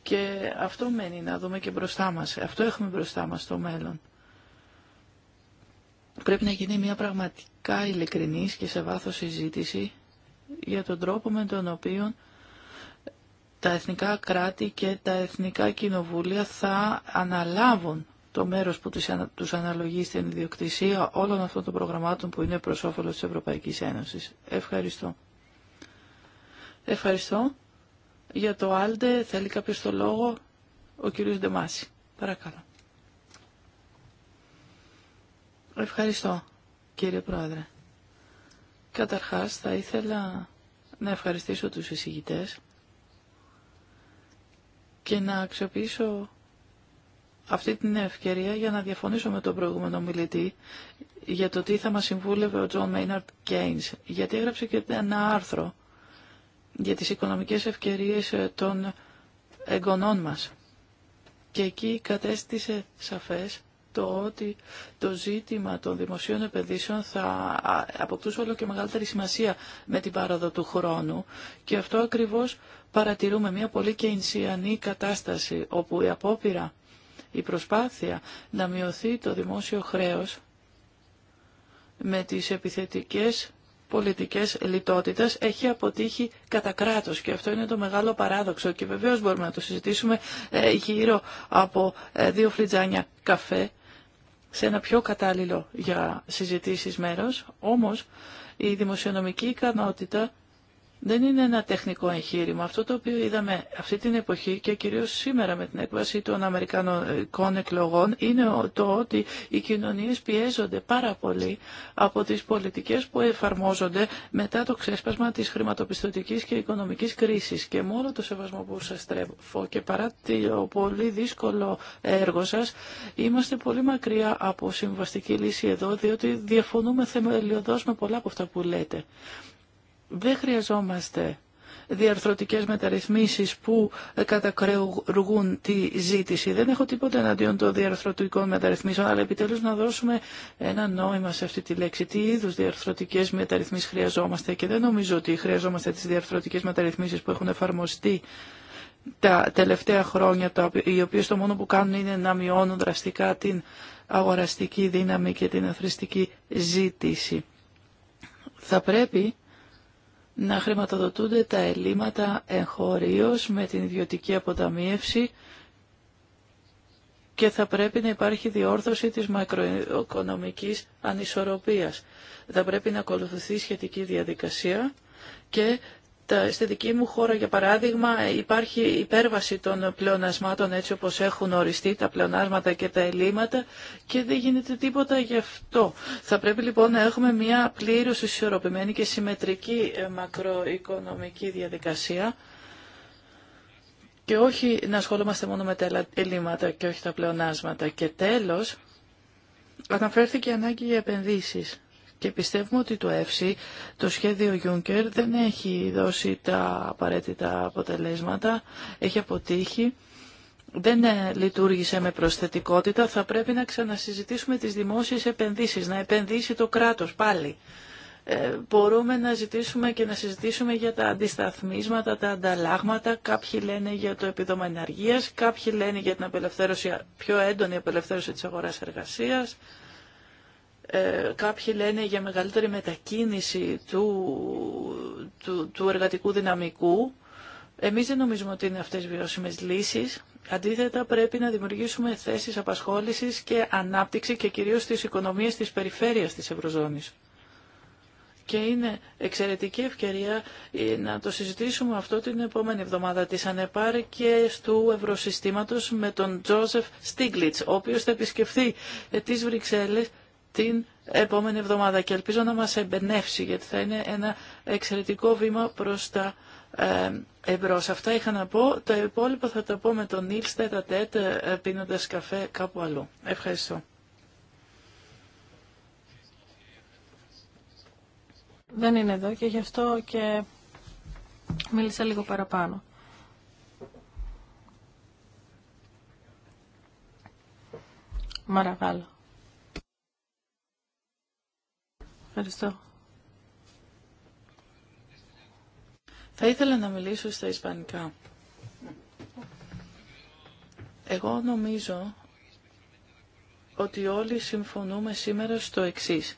Και αυτό μένει να δούμε και μπροστά μας. Αυτό έχουμε μπροστά μας στο μέλλον. Πρέπει να γίνει μια πραγματική πραγματικά ειλικρινής και σε βάθος συζήτηση για τον τρόπο με τον οποίο τα εθνικά κράτη και τα εθνικά κοινοβούλια θα αναλάβουν το μέρος που τους αναλογεί στην ιδιοκτησία όλων αυτών των προγραμμάτων που είναι προς όφελος της Ευρωπαϊκής Ένωσης. Ευχαριστώ. Ευχαριστώ. Για το Άλντε θέλει κάποιος το λόγο ο κύριος Ντεμάση. Παρακαλώ. Ευχαριστώ κύριε Πρόεδρε. Καταρχάς θα ήθελα να ευχαριστήσω τους εισηγητές και να αξιοποιήσω αυτή την ευκαιρία για να διαφωνήσω με τον προηγούμενο μιλητή για το τι θα μας συμβούλευε ο Τζον Μέιναρτ Κέινς, γιατί έγραψε και ένα άρθρο για τις οικονομικές ευκαιρίες ε, των εγγονών μας. Και εκεί κατέστησε σαφές το ότι το ζήτημα των δημοσίων επενδύσεων θα αποκτούσε όλο και μεγαλύτερη σημασία με την πάροδο του χρόνου και αυτό ακριβώς παρατηρούμε μια πολύ κεινσιανή κατάσταση όπου η απόπειρα, η προσπάθεια να μειωθεί το δημόσιο χρέος με τις επιθετικές πολιτικές λιτότητας έχει αποτύχει κατά κράτο και αυτό είναι το μεγάλο παράδοξο και βεβαίως μπορούμε να το συζητήσουμε ε, γύρω από ε, δύο φλιτζάνια καφέ σε ένα πιο κατάλληλο για συζητήσεις μέρος, όμως η δημοσιονομική ικανότητα δεν είναι ένα τεχνικό εγχείρημα. Αυτό το οποίο είδαμε αυτή την εποχή και κυρίως σήμερα με την έκβαση των Αμερικανικών εκλογών είναι το ότι οι κοινωνίες πιέζονται πάρα πολύ από τις πολιτικές που εφαρμόζονται μετά το ξέσπασμα της χρηματοπιστωτικής και οικονομικής κρίσης. Και μόνο το σεβασμό που σας τρέφω και παρά το πολύ δύσκολο έργο σας είμαστε πολύ μακριά από συμβαστική λύση εδώ διότι διαφωνούμε θεμελιωδώς με πολλά από αυτά που λέτε. Δεν χρειαζόμαστε διαρθρωτικές μεταρρυθμίσεις που κατακρεουργούν τη ζήτηση. Δεν έχω τίποτα εναντίον των διαρθρωτικών μεταρρυθμίσεων, αλλά επιτέλους να δώσουμε ένα νόημα σε αυτή τη λέξη. Τι είδους διαρθρωτικές μεταρρυθμίσεις χρειαζόμαστε και δεν νομίζω ότι χρειαζόμαστε τις διαρθρωτικές μεταρρυθμίσεις που έχουν εφαρμοστεί τα τελευταία χρόνια, οι οποίες το μόνο που κάνουν είναι να μειώνουν δραστικά την αγοραστική δύναμη και την αθρηστική ζήτηση. Θα πρέπει να χρηματοδοτούνται τα ελλείμματα εγχωρίως με την ιδιωτική αποταμίευση και θα πρέπει να υπάρχει διόρθωση της μακροοικονομικής ανισορροπίας. Θα πρέπει να ακολουθηθεί σχετική διαδικασία και Στη δική μου χώρα, για παράδειγμα, υπάρχει υπέρβαση των πλεονασμάτων έτσι όπως έχουν οριστεί τα πλεονάσματα και τα ελλείμματα και δεν γίνεται τίποτα γι' αυτό. Θα πρέπει λοιπόν να έχουμε μια πλήρως ισορροπημένη και συμμετρική ε, μακροοικονομική διαδικασία και όχι να ασχολούμαστε μόνο με τα ελλείμματα και όχι τα πλεονάσματα. Και τέλος, αναφέρθηκε η ανάγκη για επενδύσεις. Και πιστεύουμε ότι το ΕΦΣΥ, το σχέδιο Juncker δεν έχει δώσει τα απαραίτητα αποτελέσματα, έχει αποτύχει δεν ε, λειτουργήσε με προσθετικότητα, θα πρέπει να ξανασυζητήσουμε τις δημόσιες επενδύσεις, να επενδύσει το κράτος πάλι. Ε, μπορούμε να ζητήσουμε και να συζητήσουμε για τα αντισταθμίσματα, τα ανταλλάγματα. Κάποιοι λένε για το επίδομα ενεργεία, κάποιοι λένε για την απελευθέρωση, πιο έντονη απελευθέρωση της αγοράς εργασίας. Ε, κάποιοι λένε για μεγαλύτερη μετακίνηση του, του, εργατικού δυναμικού. Εμείς δεν νομίζουμε ότι είναι αυτές οι βιώσιμες λύσεις. Αντίθετα, πρέπει να δημιουργήσουμε θέσεις απασχόλησης και ανάπτυξη και κυρίως στις οικονομίες της περιφέρειας της Ευρωζώνης. Και είναι εξαιρετική ευκαιρία ε, να το συζητήσουμε αυτό την επόμενη εβδομάδα της ανεπάρκειας του ευρωσυστήματος με τον Τζόσεφ Στίγκλιτς, ο οποίος θα επισκεφθεί ε, τις Βρυξέλλες την επόμενη εβδομάδα και ελπίζω να μας εμπενεύσει γιατί θα είναι ένα εξαιρετικό βήμα προς τα ε, εμπρός. Αυτά είχα να πω. Το υπόλοιπα θα το πω με τον Νίλς τέτα τέτ ε, πίνοντας καφέ κάπου αλλού. Ευχαριστώ. Δεν είναι εδώ και γι' αυτό και μίλησα λίγο παραπάνω. Μαραβάλλω. Ευχαριστώ. Θα ήθελα να μιλήσω στα ισπανικά. Εγώ νομίζω ότι όλοι συμφωνούμε σήμερα στο εξής.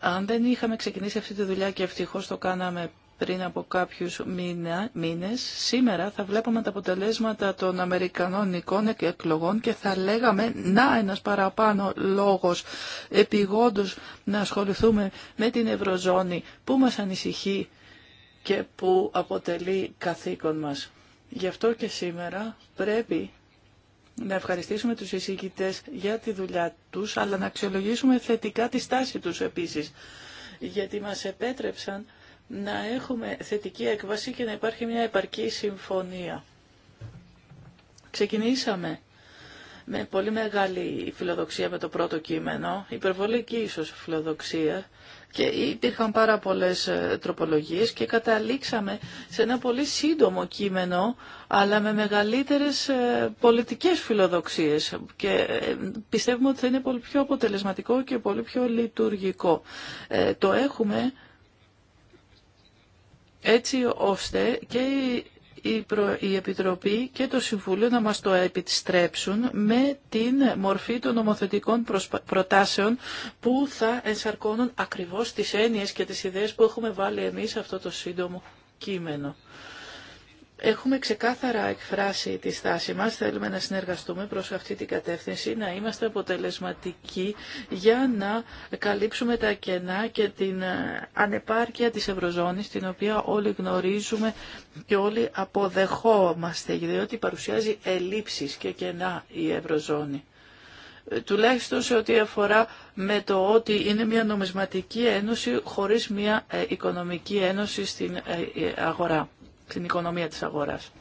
Αν δεν είχαμε ξεκινήσει αυτή τη δουλειά και ευτυχώς το κάναμε πριν από κάποιους μήνα, μήνες, σήμερα θα βλέπαμε τα αποτελέσματα των Αμερικανών εκλογών και θα λέγαμε να ένας παραπάνω λόγος επιγόντως να ασχοληθούμε με την Ευρωζώνη που μας ανησυχεί και που αποτελεί καθήκον μας. Γι' αυτό και σήμερα πρέπει να ευχαριστήσουμε τους εισηγητές για τη δουλειά τους, αλλά να αξιολογήσουμε θετικά τη στάση τους επίσης, γιατί μας επέτρεψαν να έχουμε θετική έκβαση και να υπάρχει μια επαρκή συμφωνία. Ξεκινήσαμε με πολύ μεγάλη φιλοδοξία με το πρώτο κείμενο, υπερβολική ίσως φιλοδοξία και υπήρχαν πάρα πολλές ε, τροπολογίες και καταλήξαμε σε ένα πολύ σύντομο κείμενο αλλά με μεγαλύτερες ε, πολιτικές φιλοδοξίες και ε, πιστεύουμε ότι θα είναι πολύ πιο αποτελεσματικό και πολύ πιο λειτουργικό. Το έχουμε έτσι ώστε και η Επιτροπή και το Συμβούλιο να μας το επιστρέψουν με την μορφή των νομοθετικών προτάσεων που θα ενσαρκώνουν ακριβώς τις έννοιες και τις ιδέες που έχουμε βάλει εμείς σε αυτό το σύντομο κείμενο. Έχουμε ξεκάθαρα εκφράσει τη στάση μας, θέλουμε να συνεργαστούμε προς αυτή την κατεύθυνση, να είμαστε αποτελεσματικοί για να καλύψουμε τα κενά και την ε, ανεπάρκεια της Ευρωζώνης, την οποία όλοι γνωρίζουμε και όλοι αποδεχόμαστε, διότι παρουσιάζει ελλείψεις και κενά η Ευρωζώνη ε, τουλάχιστον σε ό,τι αφορά με το ότι είναι μια νομισματική ένωση χωρίς μια ε, οικονομική ένωση στην αγορά στην οικονομία της αγοράς.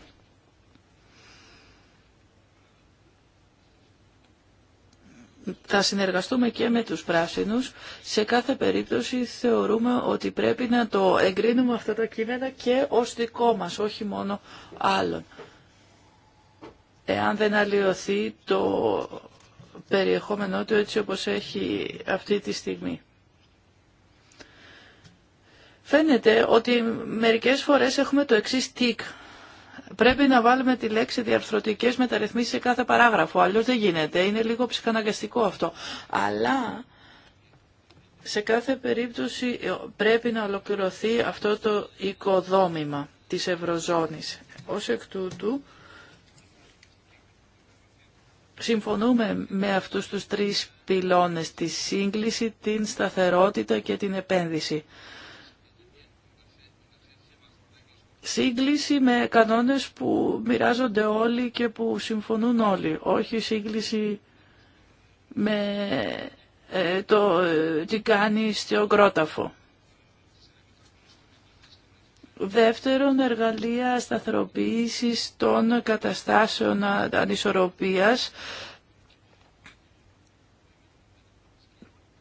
Θα συνεργαστούμε και με τους πράσινους. Σε κάθε περίπτωση θεωρούμε ότι πρέπει να το εγκρίνουμε αυτά τα κείμενα και ως δικό μας, όχι μόνο άλλων. Εάν δεν αλλοιωθεί το περιεχόμενό του έτσι όπως έχει αυτή τη στιγμή. Φαίνεται ότι μερικές φορές έχουμε το εξής τικ. Πρέπει να βάλουμε τη λέξη διαρθρωτικές μεταρρυθμίσεις σε κάθε παράγραφο, αλλιώς δεν γίνεται. Είναι λίγο ψυχαναγκαστικό αυτό. Αλλά σε κάθε περίπτωση ε, πρέπει να ολοκληρωθεί αυτό το οικοδόμημα της Ευρωζώνης. Ως εκ τούτου, συμφωνούμε με αυτούς τους τρεις πυλώνες, τη σύγκληση, την σταθερότητα και την επένδυση. Σύγκληση με κανόνες που μοιράζονται όλοι και που συμφωνούν όλοι, όχι σύγκληση με ε, το ε, τι κάνει κρόταφο. Δεύτερον, εργαλεία σταθεροποίησης των καταστάσεων ανισορροπίας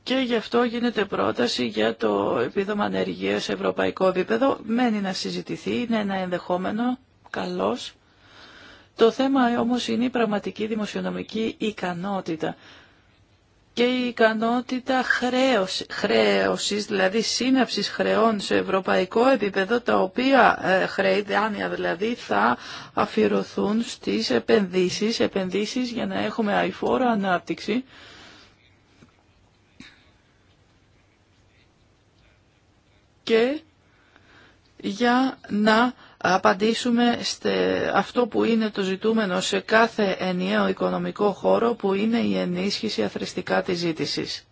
και γι' αυτό γίνεται πρόταση για το επίδομα ανεργία σε ευρωπαϊκό επίπεδο. Μένει να συζητηθεί, είναι ένα ενδεχόμενο, καλός. Το θέμα όμως είναι η πραγματική δημοσιονομική ικανότητα και η ικανότητα χρέωση, χρέωσης, δηλαδή σύναψης χρεών σε ευρωπαϊκό επίπεδο, τα οποία ε, χρέη, δάνεια δηλαδή, θα αφιερωθούν στις επενδύσεις, επενδύσεις για να έχουμε αηφόρο ανάπτυξη, και για να απαντήσουμε σε αυτό που είναι το ζητούμενο σε κάθε ενιαίο οικονομικό χώρο που είναι η ενίσχυση αθρηστικά της ζήτησης.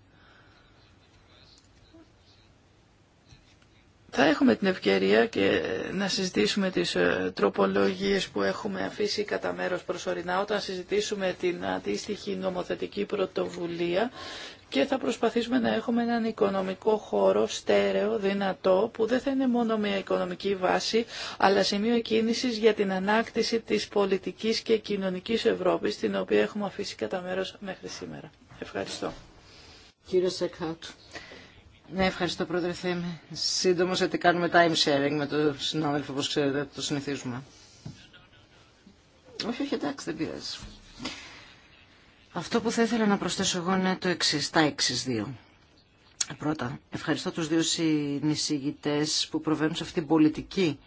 Θα έχουμε την ευκαιρία και να συζητήσουμε τις ε, τροπολογίες που έχουμε αφήσει κατά μέρος προσωρινά όταν συζητήσουμε την αντίστοιχη νομοθετική πρωτοβουλία και θα προσπαθήσουμε να έχουμε έναν οικονομικό χώρο στέρεο, δυνατό, που δεν θα είναι μόνο μια οικονομική βάση, αλλά σημείο κίνησης για την ανάκτηση της πολιτικής και κοινωνικής Ευρώπης, την οποία έχουμε αφήσει κατά μέρος μέχρι σήμερα. Ευχαριστώ. Κύριε Σεκχάτ. Ναι, ευχαριστώ πρόεδρε Θέμη. Σύντομο γιατί κάνουμε time sharing με τον συνάδελφο, όπως ξέρετε, το συνηθίζουμε. Όχι, όχι, εντάξει, δεν πειράζει. Αυτό που θα ήθελα να προσθέσω εγώ είναι το εξή, τα εξή δύο. Πρώτα, ευχαριστώ τους δύο συνεισηγητές που προβαίνουν σε αυτήν την πολιτική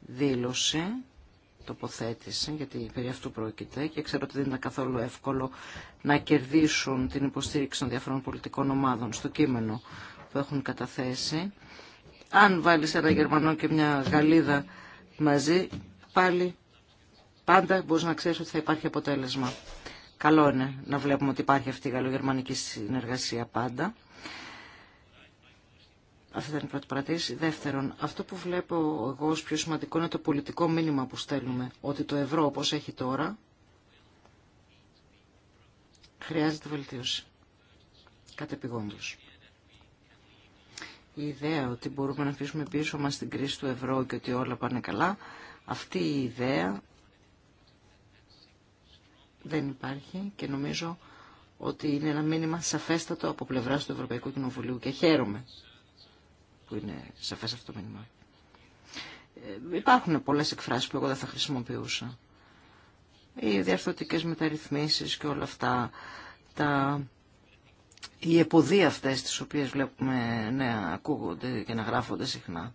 δήλωση, τοποθέτηση, γιατί περί αυτού πρόκειται και ξέρω ότι δεν ήταν καθόλου εύκολο να κερδίσουν την υποστήριξη των διαφορών πολιτικών ομάδων στο κείμενο που έχουν καταθέσει. Αν βάλεις ένα Γερμανό και μια Γαλλίδα μαζί, πάλι πάντα μπορείς να ξέρεις ότι θα υπάρχει αποτέλεσμα. Καλό είναι να βλέπουμε ότι υπάρχει αυτή η γαλλογερμανική συνεργασία πάντα. Αυτή ήταν η πρώτη παρατήρηση. Δεύτερον, αυτό που βλέπω εγώ ως πιο σημαντικό είναι το πολιτικό μήνυμα που στέλνουμε. Ότι το ευρώ όπως έχει τώρα χρειάζεται βελτίωση. Κατεπηγόντως. Η ιδέα ότι μπορούμε να αφήσουμε πίσω μας την κρίση του ευρώ και ότι όλα πάνε καλά, αυτή η ιδέα δεν υπάρχει και νομίζω ότι είναι ένα μήνυμα σαφέστατο από πλευρά του Ευρωπαϊκού Κοινοβουλίου και χαίρομαι που είναι σαφές αυτό το μήνυμα. Ε, υπάρχουν πολλές εκφράσεις που εγώ δεν θα χρησιμοποιούσα. Οι διαρθωτικέ μεταρρυθμίσεις και όλα αυτά, τα... οι εποδοί αυτέ τι οποίε βλέπουμε να ακούγονται και να γράφονται συχνά.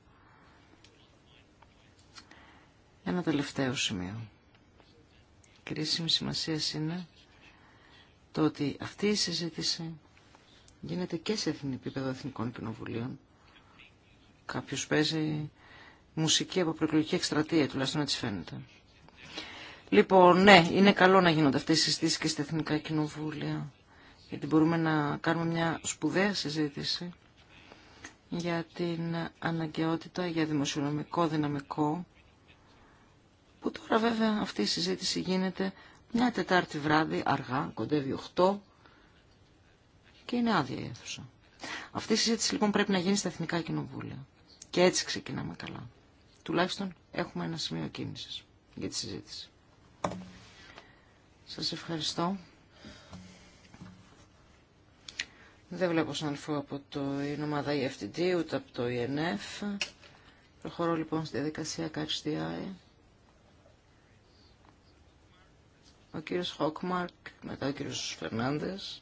Ένα τελευταίο σημείο κρίσιμη σημασία είναι το ότι αυτή η συζήτηση γίνεται και σε επίπεδο εθνικών κοινοβουλίων. Κάποιο παίζει μουσική από προεκλογική εκστρατεία, τουλάχιστον έτσι φαίνεται. Λοιπόν, ναι, είναι καλό να γίνονται αυτέ οι συζητήσεις και στα εθνικά κοινοβούλια, γιατί μπορούμε να κάνουμε μια σπουδαία συζήτηση για την αναγκαιότητα για δημοσιονομικό δυναμικό που τώρα βέβαια αυτή η συζήτηση γίνεται μια Τετάρτη βράδυ, αργά, κοντεύει 8 και είναι άδεια η αίθουσα. Αυτή η συζήτηση λοιπόν πρέπει να γίνει στα Εθνικά Κοινοβούλια. Και έτσι ξεκινάμε καλά. Τουλάχιστον έχουμε ένα σημείο κίνηση για τη συζήτηση. Σας ευχαριστώ. Δεν βλέπω σαν συναλφό από το ομάδα EFTD, ούτε από το ENF. Προχωρώ λοιπόν στη διαδικασία ΚΑΡΣΤΙΑΕ. ο κύριος Χόκμαρκ, μετά ο κύριος Φερνάνδες.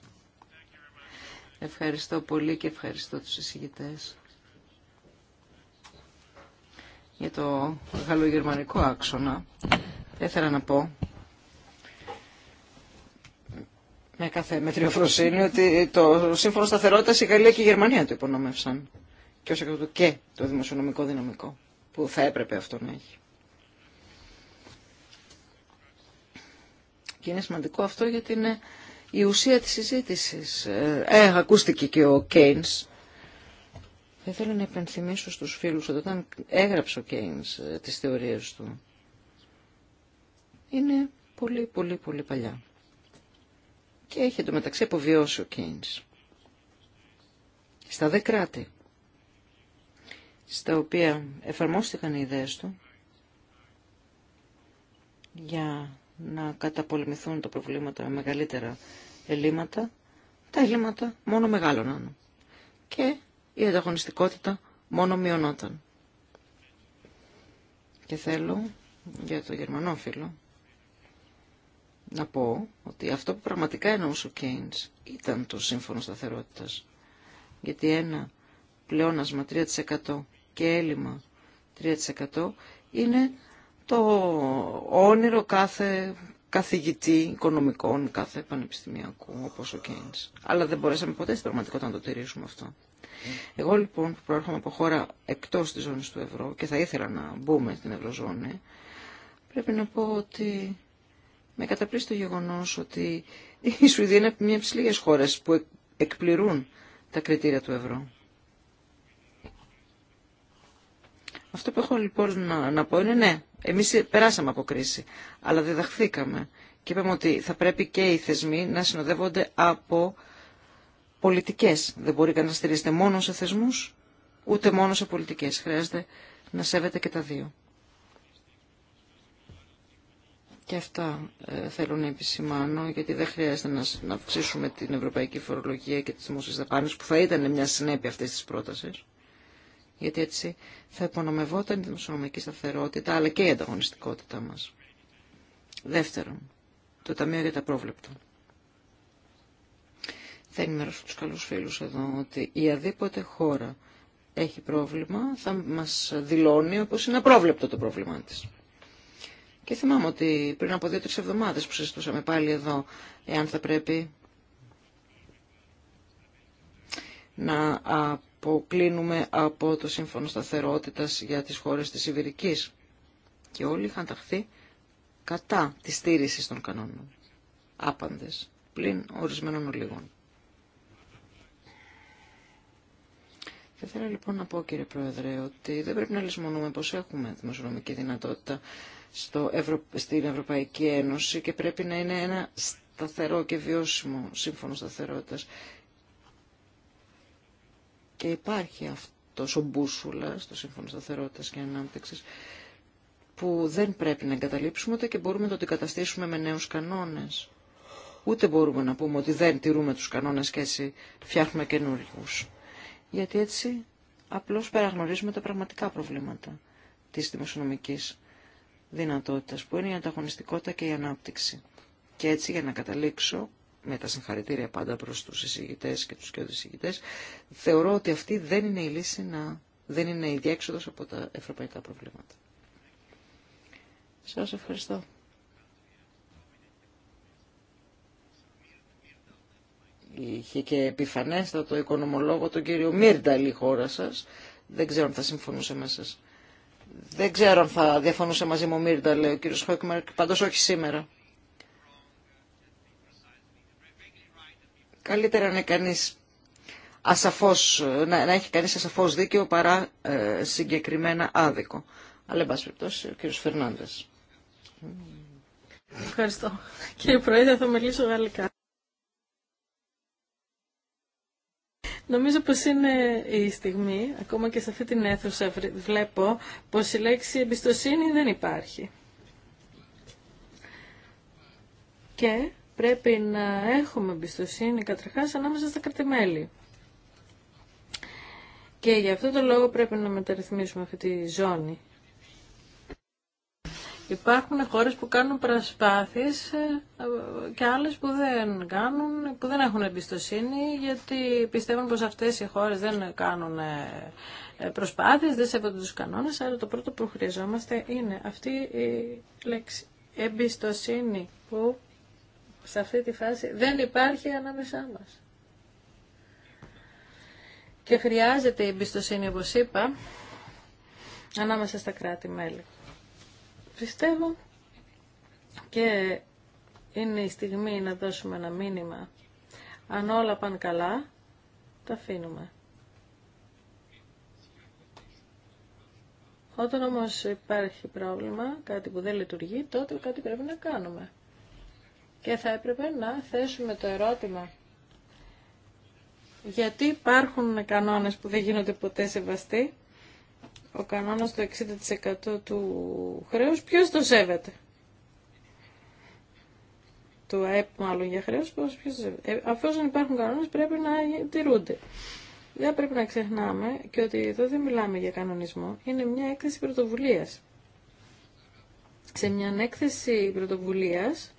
Ευχαριστώ πολύ και ευχαριστώ τους εισηγητές για το γαλλογερμανικό άξονα. Θα ήθελα να πω με κάθε μετριοφροσύνη ότι το σύμφωνο σταθερότητας η Γαλλία και η Γερμανία το υπονόμευσαν και και το δημοσιονομικό δυναμικό που θα έπρεπε αυτό να έχει. Και είναι σημαντικό αυτό γιατί είναι η ουσία της συζήτησης. Ε, ε ακούστηκε και ο Κέινς. Δεν θέλω να υπενθυμίσω στους φίλους όταν έγραψε ο Κέινς ε, τις θεωρίες του. Είναι πολύ πολύ πολύ παλιά. Και έχει εντωμεταξύ αποβιώσει ο Κέινς. Στα δε κράτη, στα οποία εφαρμόστηκαν οι ιδέες του, για να καταπολεμηθούν τα προβλήματα με μεγαλύτερα ελλείμματα, τα ελλείμματα μόνο μεγάλωναν και η ανταγωνιστικότητα μόνο μειωνόταν. Και θέλω για το γερμανό φίλο να πω ότι αυτό που πραγματικά εννοούσε ο Κέινς ήταν το σύμφωνο σταθερότητας. Γιατί ένα πλεόνασμα 3% και έλλειμμα 3% είναι το όνειρο κάθε καθηγητή οικονομικών, κάθε πανεπιστημιακού, όπως ο Κέινς. Αλλά δεν μπορέσαμε ποτέ στην πραγματικότητα να το τηρήσουμε αυτό. Εγώ λοιπόν που προέρχομαι από χώρα εκτός της ζώνης του ευρώ και θα ήθελα να μπούμε στην ευρωζώνη, πρέπει να πω ότι με καταπλήσει το γεγονός ότι η Σουηδία είναι μια από τι λίγε χώρες που εκπληρούν τα κριτήρια του ευρώ. Αυτό που έχω λοιπόν να, να πω είναι ναι, εμείς περάσαμε από κρίση, αλλά διδαχθήκαμε και είπαμε ότι θα πρέπει και οι θεσμοί να συνοδεύονται από πολιτικές. Δεν μπορεί καν να στηρίζεται μόνο σε θεσμούς, ούτε μόνο σε πολιτικές. Χρειάζεται να σέβεται και τα δύο. Και αυτά ε, θέλω να επισημάνω, γιατί δεν χρειάζεται να, να αυξήσουμε την ευρωπαϊκή φορολογία και τις δημόσιες δαπάνες, που θα ήταν μια συνέπεια αυτής της πρότασης γιατί έτσι θα υπονομευόταν η δημοσιονομική σταθερότητα, αλλά και η ανταγωνιστικότητά μας. Δεύτερον, το Ταμείο για τα Πρόβλεπτα. Θα ενημερώσω τους καλούς φίλους εδώ ότι η αδίποτε χώρα έχει πρόβλημα, θα μας δηλώνει όπως είναι απρόβλεπτο το πρόβλημά της. Και θυμάμαι ότι πριν από δύο-τρεις εβδομάδες που συζητούσαμε πάλι εδώ, εάν θα πρέπει να που κλείνουμε από το Σύμφωνο Σταθερότητας για τις χώρες της Ιβηρικής. Και όλοι είχαν ταχθεί κατά τη στήριξη των κανόνων. Άπαντες, πλην ορισμένων ολίγων. Θα ήθελα λοιπόν να πω κύριε Πρόεδρε ότι δεν πρέπει να λησμονούμε πως έχουμε δημοσιονομική δυνατότητα στο στην Ευρωπαϊκή Ένωση και πρέπει να είναι ένα σταθερό και βιώσιμο σύμφωνο σταθερότητας και υπάρχει αυτό ο μπούσουλα στο Σύμφωνο σταθερότητα και ανάπτυξη, που δεν πρέπει να εγκαταλείψουμε ούτε και μπορούμε να το αντικαταστήσουμε με νέους κανόνες. Ούτε μπορούμε να πούμε ότι δεν τηρούμε τους κανόνες και έτσι φτιάχνουμε καινούριου. Γιατί έτσι απλώς παραγνωρίζουμε τα πραγματικά προβλήματα της δημοσιονομικής δυνατότητας που είναι η ανταγωνιστικότητα και η ανάπτυξη. Και έτσι για να καταλήξω με τα συγχαρητήρια πάντα προς τους εισηγητές και τους και εισηγητές, θεωρώ ότι αυτή δεν είναι η λύση να δεν είναι η διέξοδος από τα ευρωπαϊκά προβλήματα. Σας ευχαριστώ. Είχε και επιφανέστατο οικονομολόγο τον κύριο Μίρνταλ η χώρα σας. Δεν ξέρω αν θα συμφωνούσε με σας. Δεν ξέρω αν θα διαφωνούσε μαζί μου ο Μίρνταλ, ο κύριος Χόκμαρκ, Πάντως όχι σήμερα. Καλύτερα να, κανείς ασαφώς, να, έχει κανείς ασαφώς δίκαιο παρά ε, συγκεκριμένα άδικο. Αλλά, εν πάση ο κύριος Φερνάνδες. Ευχαριστώ. Κύριε Πρόεδρε, θα μιλήσω γαλλικά. Νομίζω πως είναι η στιγμή, ακόμα και σε αυτή την αίθουσα βλέπω, πως η λέξη εμπιστοσύνη δεν υπάρχει. Και πρέπει να έχουμε εμπιστοσύνη καταρχάς ανάμεσα στα κρατημέλη. Και γι' αυτό το λόγο πρέπει να μεταρρυθμίσουμε αυτή τη ζώνη. Υπάρχουν χώρες που κάνουν προσπάθειες ε, και άλλες που δεν κάνουν, που δεν έχουν εμπιστοσύνη γιατί πιστεύουν πως αυτές οι χώρες δεν κάνουν ε, ε, προσπάθειες, δεν σέβονται τους κανόνες, αλλά το πρώτο που χρειαζόμαστε είναι αυτή η λέξη εμπιστοσύνη που σε αυτή τη φάση δεν υπάρχει ανάμεσά μας. Και χρειάζεται η εμπιστοσύνη, όπως είπα, ανάμεσα στα κράτη-μέλη. Πιστεύω και είναι η στιγμή να δώσουμε ένα μήνυμα. Αν όλα πάνε καλά, τα αφήνουμε. Όταν όμως υπάρχει πρόβλημα, κάτι που δεν λειτουργεί, τότε κάτι πρέπει να κάνουμε. Και θα έπρεπε να θέσουμε το ερώτημα γιατί υπάρχουν κανόνες που δεν γίνονται ποτέ σεβαστοί. Ο κανόνας του 60% του χρέους, ποιος το σέβεται. Το ΑΕΠ μάλλον για χρέος, ποιος το σέβεται. Ε, υπάρχουν κανόνες πρέπει να τηρούνται. Δεν πρέπει να ξεχνάμε και ότι εδώ δεν μιλάμε για κανονισμό. Είναι μια έκθεση πρωτοβουλίας. Σε μια έκθεση πρωτοβουλίας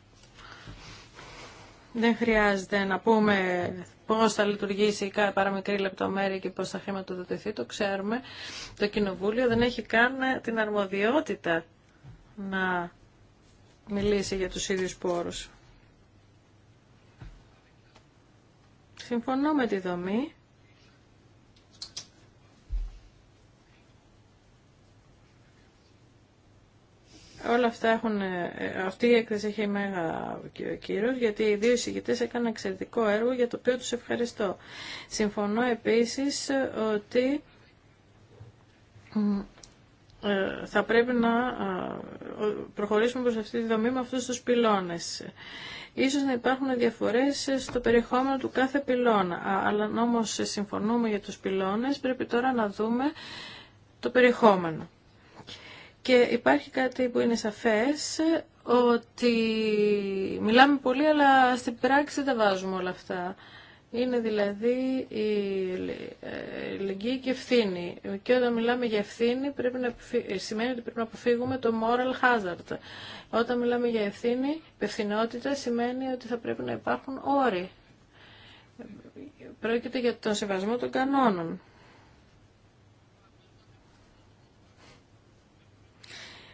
δεν χρειάζεται να πούμε πώς θα λειτουργήσει η παραμικρή λεπτομέρεια και πώς θα χρηματοδοτηθεί. Το ξέρουμε. Το Κοινοβούλιο δεν έχει καν την αρμοδιότητα να μιλήσει για τους ίδιους πόρους. Συμφωνώ με τη δομή. Όλα αυτά έχουν, ε, ε, αυτή η έκθεση έχει μέγα κύρος γιατί οι δύο εισηγητές έκαναν εξαιρετικό έργο για το οποίο τους ευχαριστώ. Συμφωνώ επίσης ε, ότι θα πρέπει να προχωρήσουμε προς αυτή τη δομή με αυτούς τους πυλώνες. Ίσως να υπάρχουν διαφορές στο περιεχόμενο του κάθε πυλώνα, αλλά όμως συμφωνούμε για τους πυλώνες, πρέπει τώρα να δούμε το περιεχόμενο. Και υπάρχει κάτι που είναι σαφές, ότι μιλάμε πολύ αλλά στην πράξη δεν τα βάζουμε όλα αυτά. Είναι δηλαδή η ε, λυγική και ευθύνη. Και όταν μιλάμε για ευθύνη πρέπει να ε, σημαίνει ότι πρέπει να αποφύγουμε το moral hazard. Όταν μιλάμε για ευθύνη, υπευθυνότητα σημαίνει ότι θα πρέπει να υπάρχουν όροι. Πρόκειται για τον σεβασμό των κανόνων.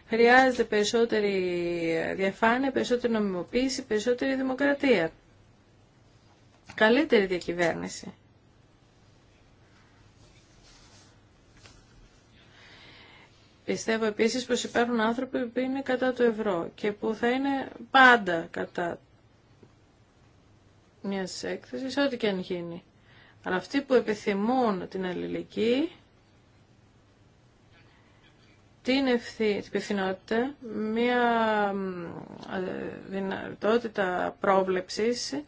Χρειάζεται περισσότερη διαφάνεια, περισσότερη νομιμοποίηση, περισσότερη δημοκρατία. Καλύτερη διακυβέρνηση. Πιστεύω επίσης πως υπάρχουν άνθρωποι που είναι κατά το ευρώ και που θα είναι πάντα κατά μιας έκθεσης, ό,τι και αν γίνει. Αλλά αυτοί που επιθυμούν την αλληλεγγύη την πιθανότητα, μια ε, δυνατότητα πρόβλεψης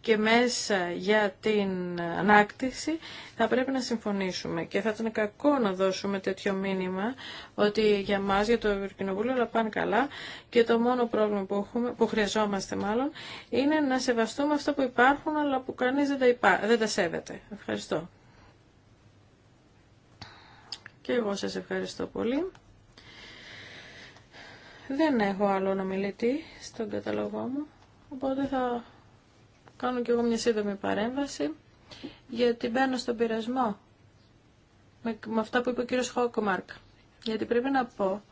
και μέσα για την ανάκτηση θα πρέπει να συμφωνήσουμε και θα ήταν κακό να δώσουμε τέτοιο μήνυμα ότι για μας, για το Ευρωκοινοβούλιο όλα πάνε καλά και το μόνο πρόβλημα που, έχουμε, που χρειαζόμαστε μάλλον είναι να σεβαστούμε αυτά που υπάρχουν αλλά που κανείς δεν τα, δεν τα σέβεται. Ευχαριστώ. Και εγώ σας ευχαριστώ πολύ. Δεν έχω άλλο να μιλητεί στον καταλογό μου, οπότε θα κάνω κι εγώ μια σύντομη παρέμβαση, γιατί μπαίνω στον πειρασμό με, με αυτά που είπε ο κύριος Χόκομαρκ. Γιατί πρέπει να πω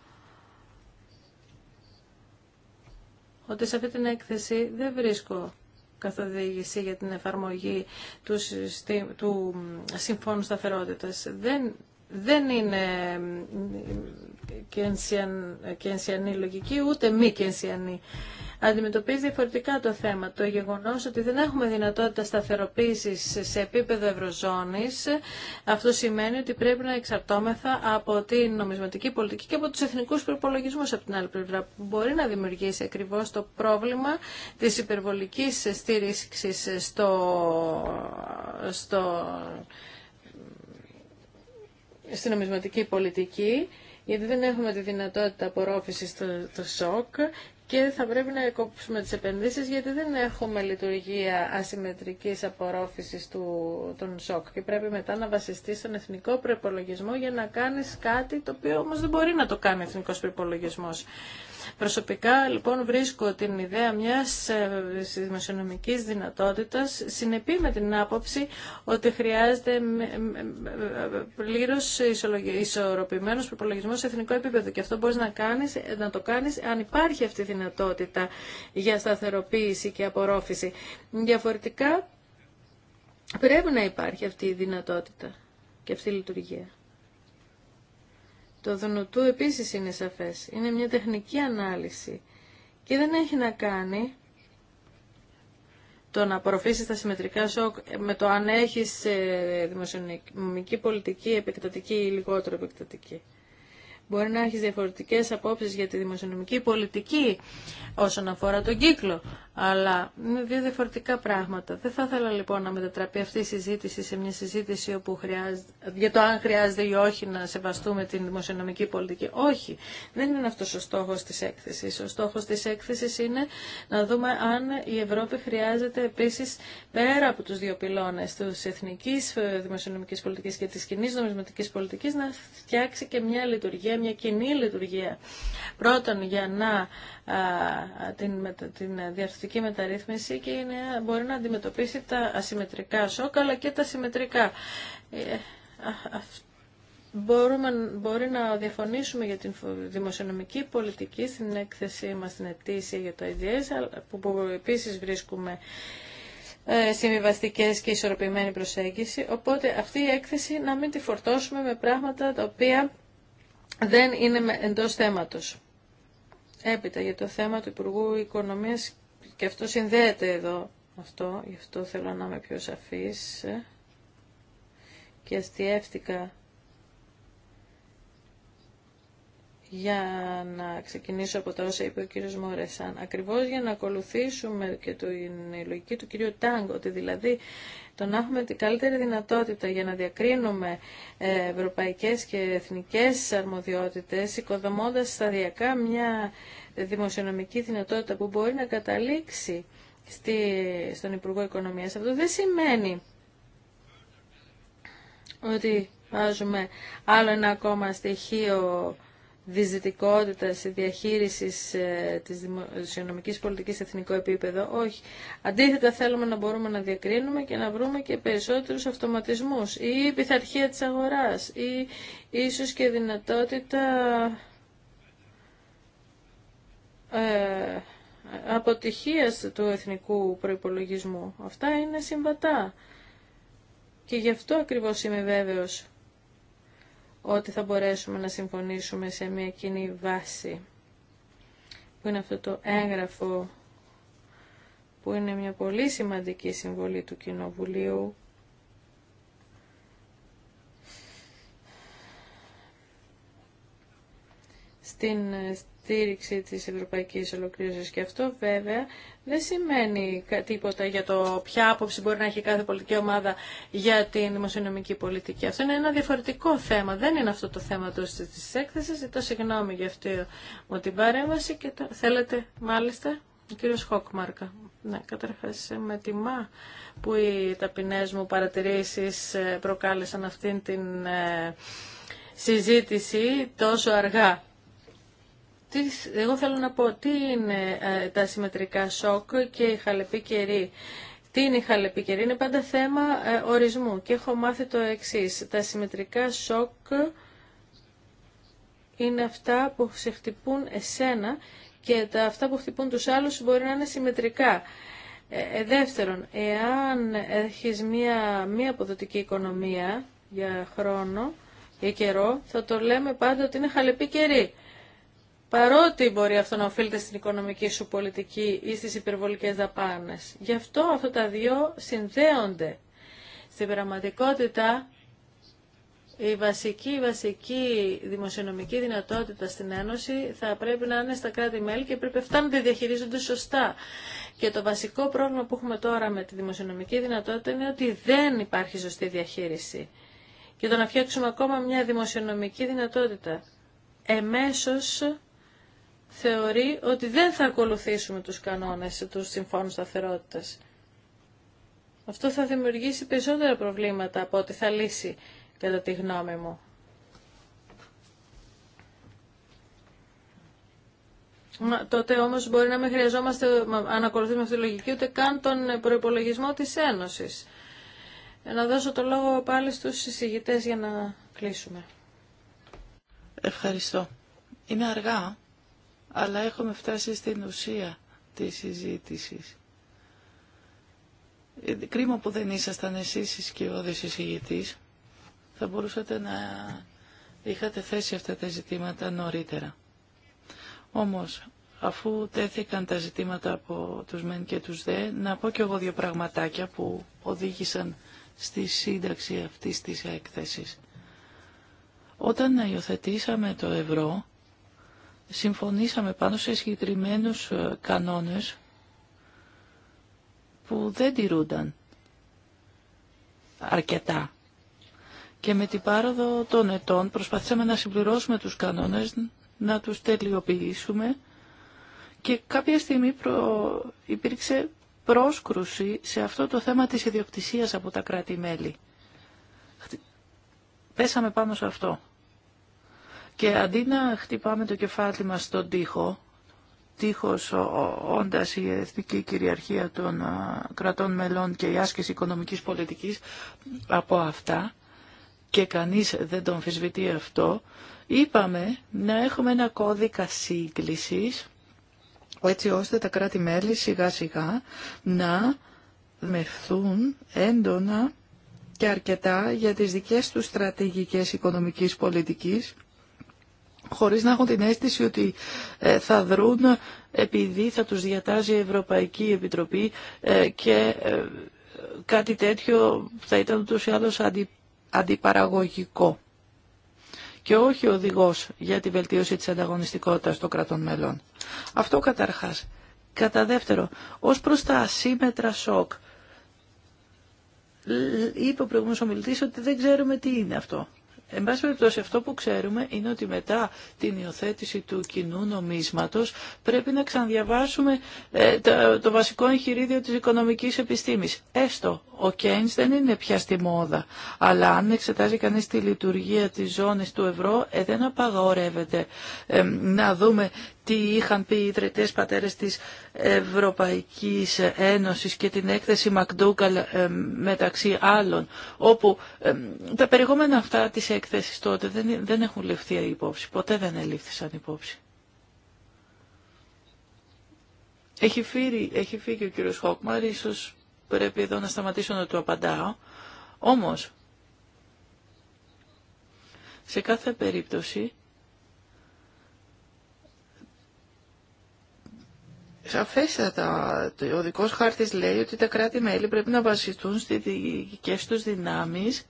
ότι σε αυτή την έκθεση δεν βρίσκω καθοδήγηση για την εφαρμογή του, του Συμφώνου Σταθερότητας. Δεν δεν είναι κενσιανή λογική, ούτε μη κενσιανή. Αντιμετωπίζει διαφορετικά το θέμα. Το γεγονός ότι δεν έχουμε δυνατότητα σταθεροποίησης σε επίπεδο ευρωζώνης, αυτό σημαίνει ότι πρέπει να εξαρτώμεθα από την νομισματική πολιτική και από τους εθνικούς προπολογισμού από την άλλη πλευρά, που μπορεί να δημιουργήσει ακριβώ το πρόβλημα τη υπερβολική στηρίξη στο, στο στην νομισματική πολιτική, γιατί δεν έχουμε τη δυνατότητα απορρόφησης του, του σοκ και θα πρέπει να κόψουμε τις επενδύσεις γιατί δεν έχουμε λειτουργία ασυμμετρικής απορρόφησης του, των σοκ και πρέπει μετά να βασιστεί στον εθνικό προπολογισμό για να κάνεις κάτι το οποίο όμως δεν μπορεί να το κάνει ο εθνικός προπολογισμό. Προσωπικά λοιπόν βρίσκω την ιδέα μιας ε, δημοσιονομικής δυνατότητας συνεπή με την άποψη ότι χρειάζεται πλήρως ισορροπημένος προπολογισμό σε εθνικό επίπεδο και αυτό μπορείς να, κάνεις, να το κάνεις αν υπάρχει αυτή η δυνατότητα για σταθεροποίηση και απορρόφηση. Διαφορετικά πρέπει να υπάρχει αυτή η δυνατότητα και αυτή η λειτουργία. Το δουνουτού επίσης είναι σαφές. Είναι μια τεχνική ανάλυση και δεν έχει να κάνει το να απορροφήσει τα συμμετρικά σοκ με το αν έχει ε, δημοσιονομική πολιτική επεκτατική ή λιγότερο επεκτατική. Μπορεί να έχει διαφορετικές απόψεις για τη δημοσιονομική πολιτική όσον αφορά τον κύκλο, αλλά είναι δύο διαφορετικά πράγματα. Δεν θα ήθελα λοιπόν να μετατραπεί αυτή η συζήτηση σε μια συζήτηση όπου χρειάζεται, για το αν χρειάζεται ή όχι να σεβαστούμε την δημοσιονομική πολιτική. Όχι, δεν είναι αυτός ο στόχος της έκθεσης. Ο στόχος της έκθεσης είναι να δούμε αν η Ευρώπη χρειάζεται επίσης πέρα από τους δύο πυλώνες της εθνικής ε, δημοσιονομικής πολιτικής και της κοινή νομισματικής πολιτικής να φτιάξει και μια λειτουργία, μια κοινή λειτουργία. Πρώτον για να την, την μεταρρύθμιση και είναι, μπορεί να αντιμετωπίσει τα ασυμμετρικά σοκ αλλά και τα συμμετρικά. Ε, μπορούμε, μπορεί να διαφωνήσουμε για την δημοσιονομική πολιτική στην έκθεσή μας στην ετήσια για το IDS που, που επίσης βρίσκουμε ε, συμβιβαστικέ και ισορροπημένη προσέγγιση. Οπότε αυτή η έκθεση να μην τη φορτώσουμε με πράγματα τα οποία δεν είναι εντό θέματο. Έπειτα για το θέμα του Υπουργού Οικονομίας και αυτό συνδέεται εδώ αυτό, γι' αυτό θέλω να είμαι πιο σαφής και αστιεύτηκα για να ξεκινήσω από τα όσα είπε ο κύριος Μόρεσαν, Ακριβώς για να ακολουθήσουμε και την λογική του κύριου Τάγκο, ότι δηλαδή το να έχουμε την καλύτερη δυνατότητα για να διακρίνουμε ε, ευρωπαϊκές και εθνικές αρμοδιότητες, οικοδομώντας σταδιακά μια δημοσιονομική δυνατότητα που μπορεί να καταλήξει στη, στον Υπουργό Οικονομίας. Αυτό δεν σημαίνει ότι βάζουμε άλλο ένα ακόμα στοιχείο διζητικότητας ή διαχείρισης ε, της δημοσιονομικής πολιτικής σε εθνικό επίπεδο. Όχι. Αντίθετα θέλουμε να μπορούμε να διακρίνουμε και να βρούμε και περισσότερους αυτοματισμούς ή πειθαρχία της αγοράς ή ίσως και δυνατότητα ε, αποτυχίας του εθνικού προϋπολογισμού. Αυτά είναι συμβατά. Και γι' αυτό ακριβώς είμαι βέβαιος ότι θα μπορέσουμε να συμφωνήσουμε σε μια κοινή βάση που είναι αυτό το έγγραφο που είναι μια πολύ σημαντική συμβολή του Κοινοβουλίου στην στήριξη της ευρωπαϊκής ολοκλήρωσης και αυτό βέβαια δεν σημαίνει τίποτα για το ποια άποψη μπορεί να έχει κάθε πολιτική ομάδα για την δημοσιονομική πολιτική. Αυτό είναι ένα διαφορετικό θέμα. Δεν είναι αυτό το θέμα του της έκθεσης. Ζητώ συγγνώμη για αυτή ε, μου την παρέμβαση και το... θέλετε μάλιστα ο κύριος Χόκμαρκα. Ναι, καταρχάς ε, με τιμά που οι ταπεινές μου παρατηρήσεις ε, προκάλεσαν αυτήν την συζήτηση τόσο αργά εγώ θέλω να πω τι είναι ε, τα συμμετρικά σοκ και η χαλεπή καιρή. Τι είναι η χαλεπή καιρή, είναι πάντα θέμα ε, ορισμού και έχω μάθει το εξής. Τα συμμετρικά σοκ είναι αυτά που σε χτυπούν εσένα και τα αυτά που χτυπούν τους άλλους μπορεί να είναι συμμετρικά. Ε, δεύτερον, εάν έχεις μία, μία αποδοτική οικονομία για χρόνο, για καιρό, θα το λέμε πάντα ότι είναι χαλεπή καιρή παρότι μπορεί αυτό να οφείλεται στην οικονομική σου πολιτική ή στις υπερβολικές δαπάνες. Γι' αυτό αυτά τα δύο συνδέονται. Στην πραγματικότητα, η βασική, η βασική δημοσιονομική δυνατότητα στην πραγματικοτητα η βασικη βασικη δημοσιονομικη δυνατοτητα στην ενωση θα πρέπει να είναι στα κράτη-μέλη και πρέπει αυτά να διαχειρίζονται σωστά. Και το βασικό πρόβλημα που έχουμε τώρα με τη δημοσιονομική δυνατότητα είναι ότι δεν υπάρχει σωστή διαχείριση. Και το να φτιάξουμε ακόμα μια δημοσιονομική δυνατότητα εμέσως θεωρεί ότι δεν θα ακολουθήσουμε τους κανόνες του Συμφώνου Σταθερότητας. Αυτό θα δημιουργήσει περισσότερα προβλήματα από ό,τι θα λύσει, κατά τη γνώμη μου. Τότε όμως μπορεί να μην χρειαζόμαστε, αν ακολουθήσουμε αυτή τη λογική, ούτε καν τον προϋπολογισμό της Ένωσης. Ε, να δώσω το λόγο πάλι στους συζητητές για να κλείσουμε. Ευχαριστώ. Είναι αργά, αλλά έχουμε φτάσει στην ουσία της συζήτησης. Ε, κρίμα που δεν ήσασταν εσείς οι σκιώδες εισηγητής. Θα μπορούσατε να είχατε θέσει αυτά τα ζητήματα νωρίτερα. Όμως, αφού τέθηκαν τα ζητήματα από τους μεν και τους δε, να πω και εγώ δύο πραγματάκια που οδήγησαν στη σύνταξη αυτής της έκθεσης. Όταν υιοθετήσαμε το ευρώ, συμφωνήσαμε πάνω σε συγκεκριμένους ε, κανόνες που δεν τηρούνταν αρκετά. Και με την πάροδο των ετών προσπαθήσαμε να συμπληρώσουμε τους κανόνες, να τους τελειοποιήσουμε και κάποια στιγμή προ... υπήρξε πρόσκρουση σε αυτό το θέμα της ιδιοκτησίας από τα κράτη-μέλη. Πέσαμε πάνω σε αυτό. Και αντί να χτυπάμε το κεφάλι μας στον τοίχο, τείχος όντας η εθνική κυριαρχία των κρατών μελών και η άσκηση οικονομικής πολιτικής από αυτά, και κανείς δεν τον αμφισβητεί αυτό, είπαμε να έχουμε ένα κώδικα σύγκλησης, έτσι ώστε τα κράτη-μέλη σιγά σιγά να μεθούν έντονα και αρκετά για τις δικές τους στρατηγικές οικονομικής πολιτικής χωρίς να έχουν την αίσθηση ότι ε, θα δρούν επειδή θα τους διατάζει η Ευρωπαϊκή Επιτροπή ε, και ε, κάτι τέτοιο θα ήταν ούτως ή άλλως αντιπαραγωγικό και όχι οδηγός για τη βελτίωση της ανταγωνιστικότητας των κρατών μελών. Αυτό καταρχάς. Κατά δεύτερο, ως προς τα ασύμετρα σοκ, είπε ο προηγούμενος ομιλητής ότι δεν ξέρουμε τι είναι αυτό. Εν πάση περιπτώσει αυτό που ξέρουμε είναι ότι μετά την υιοθέτηση του κοινού νομίσματος πρέπει να ξαναδιαβάσουμε ε, το βασικό εγχειρίδιο της οικονομικής επιστήμης. Έστω, ο Κέινς δεν είναι πια στη μόδα, αλλά αν εξετάζει κανείς τη λειτουργία της ζώνης του ευρώ, ε, δεν απαγορεύεται ε, να δούμε τι είχαν πει οι ιδρυτές πατέρες της Ευρωπαϊκής Ένωσης και την έκθεση Μακντούγκαλ ε, μεταξύ άλλων, όπου ε, τα περιεχόμενα αυτά της έκθεσης τότε δεν, δεν έχουν ληφθεί υπόψη, ποτέ δεν ελήφθησαν υπόψη. Έχει φύγει, έχει φύγει ο κύριος Χόκμαρ, ίσως πρέπει εδώ να σταματήσω να του απαντάω. Όμως, σε κάθε περίπτωση Σαφέστατα, ο δικός χάρτης λέει ότι τα κράτη-μέλη πρέπει να βασιστούν στις δικές τους δυνάμεις,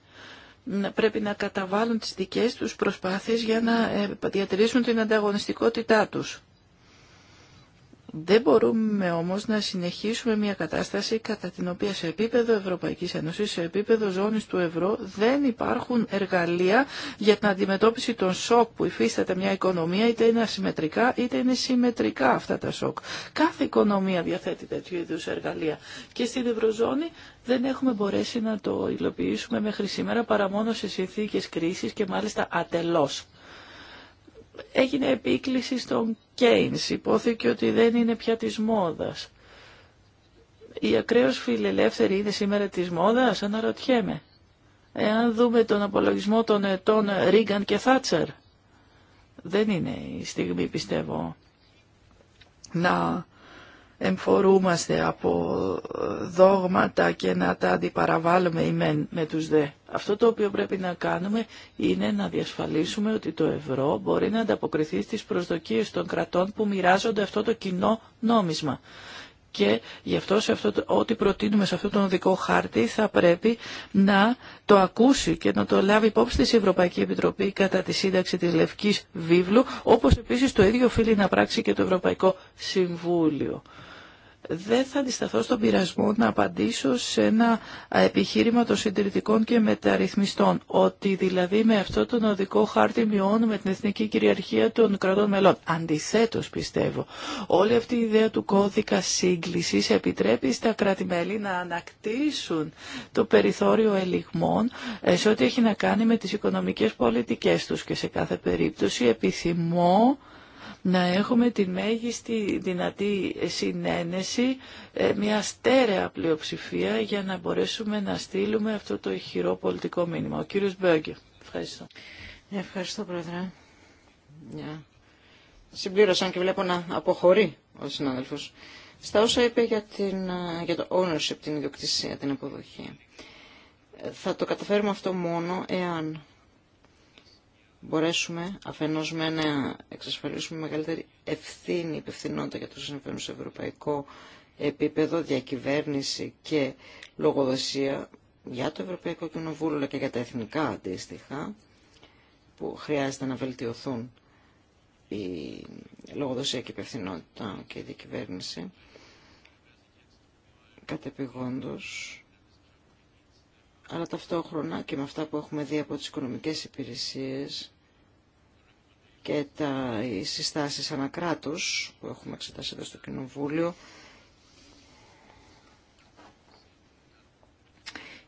πρέπει να καταβάλουν τις δικές τους προσπάθειες για να ε, διατηρήσουν την ανταγωνιστικότητά τους. Δεν μπορούμε όμως να συνεχίσουμε μια κατάσταση κατά την οποία σε επίπεδο Ευρωπαϊκής Ένωσης, σε επίπεδο ζώνης του ευρώ δεν υπάρχουν εργαλεία για την αντιμετώπιση των σοκ που υφίσταται μια οικονομία είτε είναι ασυμμετρικά είτε είναι συμμετρικά αυτά τα σοκ. Κάθε οικονομία διαθέτει τέτοιου είδους εργαλεία και στην ευρωζώνη δεν έχουμε μπορέσει να το υλοποιήσουμε μέχρι σήμερα παρά μόνο σε συνθήκες κρίσης και μάλιστα ατελώς έγινε επίκληση στον Κέινς. Υπόθηκε ότι δεν είναι πια της μόδας. η ακραίως φιλελεύθεροι είναι σήμερα της μόδας, αναρωτιέμαι. Εάν δούμε τον απολογισμό των ετών Ρίγκαν και Θάτσερ, δεν είναι η στιγμή, πιστεύω, να εμφορούμαστε από δόγματα και να τα αντιπαραβάλλουμε μεν, με τους δε. Αυτό το οποίο πρέπει να κάνουμε είναι να διασφαλίσουμε ότι το ευρώ μπορεί να ανταποκριθεί στις προσδοκίες των κρατών που μοιράζονται αυτό το κοινό νόμισμα. Και γι' αυτό, ό,τι προτείνουμε σε αυτόν τον δικό χάρτη θα πρέπει να το ακούσει και να το λάβει υπόψη της Ευρωπαϊκή Επιτροπή κατά τη σύνταξη της Λευκής Βίβλου, όπως επίσης το ίδιο οφείλει να πράξει και το Ευρωπαϊκό Συμβούλιο δεν θα αντισταθώ στον πειρασμό να απαντήσω σε ένα επιχείρημα των συντηρητικών και μεταρρυθμιστών. Ότι δηλαδή με αυτό τον οδικό χάρτη μειώνουμε την εθνική κυριαρχία των κρατών μελών. Αντιθέτως πιστεύω, όλη αυτή η ιδέα του κώδικα σύγκλησης επιτρέπει στα κράτη-μέλη να ανακτήσουν το περιθώριο ελιγμών ε, σε ό,τι έχει να κάνει με τις οικονομικές πολιτικές τους και σε κάθε περίπτωση επιθυμώ να έχουμε τη μέγιστη δυνατή συνένεση, ε, μια στέρεα πλειοψηφία για να μπορέσουμε να στείλουμε αυτό το ηχηρό πολιτικό μήνυμα. Ο κύριος Μπέγκε. Ευχαριστώ. Ευχαριστώ Πρόεδρε. Yeah. Ναι. Συμπλήρωσαν και βλέπω να αποχωρεί ο συνάδελφος. Στα όσα είπε για, την, ε, για το ownership, την ιδιοκτησία, την αποδοχή. Ε, θα το καταφέρουμε αυτό μόνο εάν μπορέσουμε αφενός με να εξασφαλίσουμε μεγαλύτερη ευθύνη, υπευθυνότητα για το συμβαίνουν σε ευρωπαϊκό επίπεδο, διακυβέρνηση και λογοδοσία για το Ευρωπαϊκό Κοινοβούλιο αλλά και για τα εθνικά αντίστοιχα που χρειάζεται να βελτιωθούν η λογοδοσία και η υπευθυνότητα και η διακυβέρνηση κατεπηγόντως αλλά ταυτόχρονα και με αυτά που έχουμε δει από τις οικονομικές υπηρεσίες και τα, οι συστάσεις ανακράτους που έχουμε εξετάσει εδώ στο Κοινοβούλιο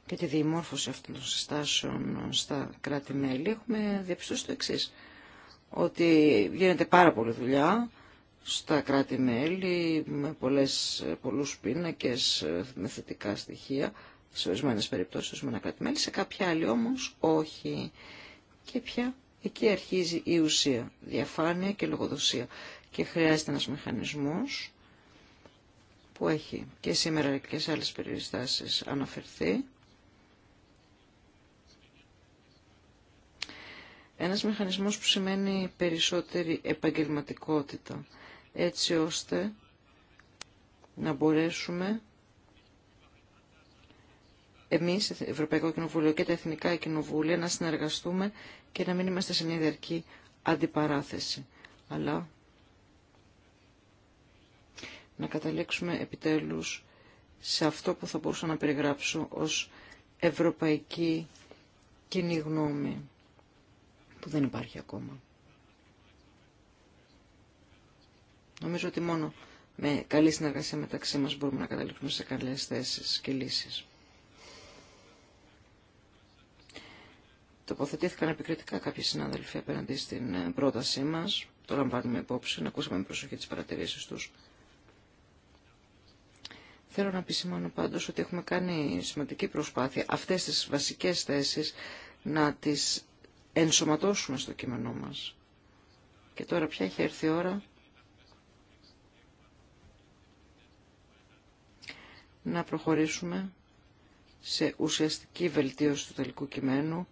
και τη διημόρφωση αυτών των συστάσεων στα κράτη-μέλη έχουμε διαπιστώσει το εξής ότι γίνεται πάρα πολλή δουλειά στα κράτη-μέλη με πολλές, πολλούς πίνακες με θετικά στοιχεία σε ορισμένε σε κάποια άλλη όμω όχι. Και πια εκεί αρχίζει η ουσία, διαφάνεια και λογοδοσία. Και χρειάζεται ένα μηχανισμό που έχει και σήμερα και σε άλλε περιστάσει αναφερθεί. Ένας μηχανισμός που σημαίνει περισσότερη επαγγελματικότητα, έτσι ώστε να μπορέσουμε εμείς, Ευρωπαϊκό Κοινοβούλιο και τα Εθνικά Κοινοβούλια, να συνεργαστούμε και να μην είμαστε σε μια διαρκή αντιπαράθεση. Αλλά να καταλήξουμε επιτέλους σε αυτό που θα μπορούσα να περιγράψω ως ευρωπαϊκή κοινή γνώμη που δεν υπάρχει ακόμα. Νομίζω ότι μόνο με καλή συνεργασία μεταξύ μας μπορούμε να καταλήξουμε σε καλές θέσεις και λύσεις. Τοποθετήθηκαν επικριτικά κάποιοι συνάδελφοι απέναντι στην ε, πρότασή μας. Το λαμβάνουμε υπόψη, να ακούσαμε με προσοχή τις παρατηρήσεις τους. Θέλω να επισημάνω πάντως ότι έχουμε κάνει σημαντική προσπάθεια αυτές τις βασικές θέσεις να τις ενσωματώσουμε στο κείμενό μας. Και τώρα πια έχει έρθει η ώρα να προχωρήσουμε σε ουσιαστική βελτίωση του τελικού κειμένου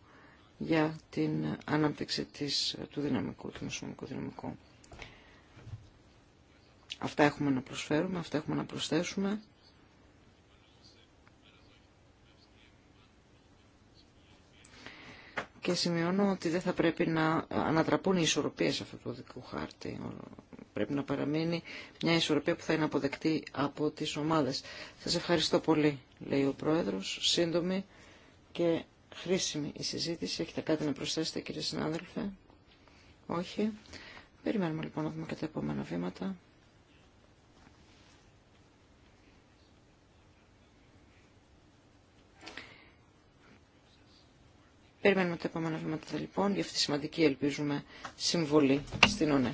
για την ανάπτυξη της, του δυναμικού, του μεσονομικού δυναμικού. Αυτά έχουμε να προσφέρουμε, αυτά έχουμε να προσθέσουμε. Και σημειώνω ότι δεν θα πρέπει να ανατραπούν οι ισορροπίες αυτού του δικού χάρτη. Πρέπει να παραμείνει μια ισορροπία που θα είναι αποδεκτή από τις ομάδες. Σας ευχαριστώ πολύ, λέει ο Πρόεδρος, σύντομη και χρήσιμη η συζήτηση. Έχετε κάτι να προσθέσετε κύριε συνάδελφε. Όχι. Περιμένουμε λοιπόν να δούμε και τα επόμενα βήματα. Περιμένουμε τα επόμενα βήματα λοιπόν για αυτή τη σημαντική ελπίζουμε συμβολή στην ΟΝΕ.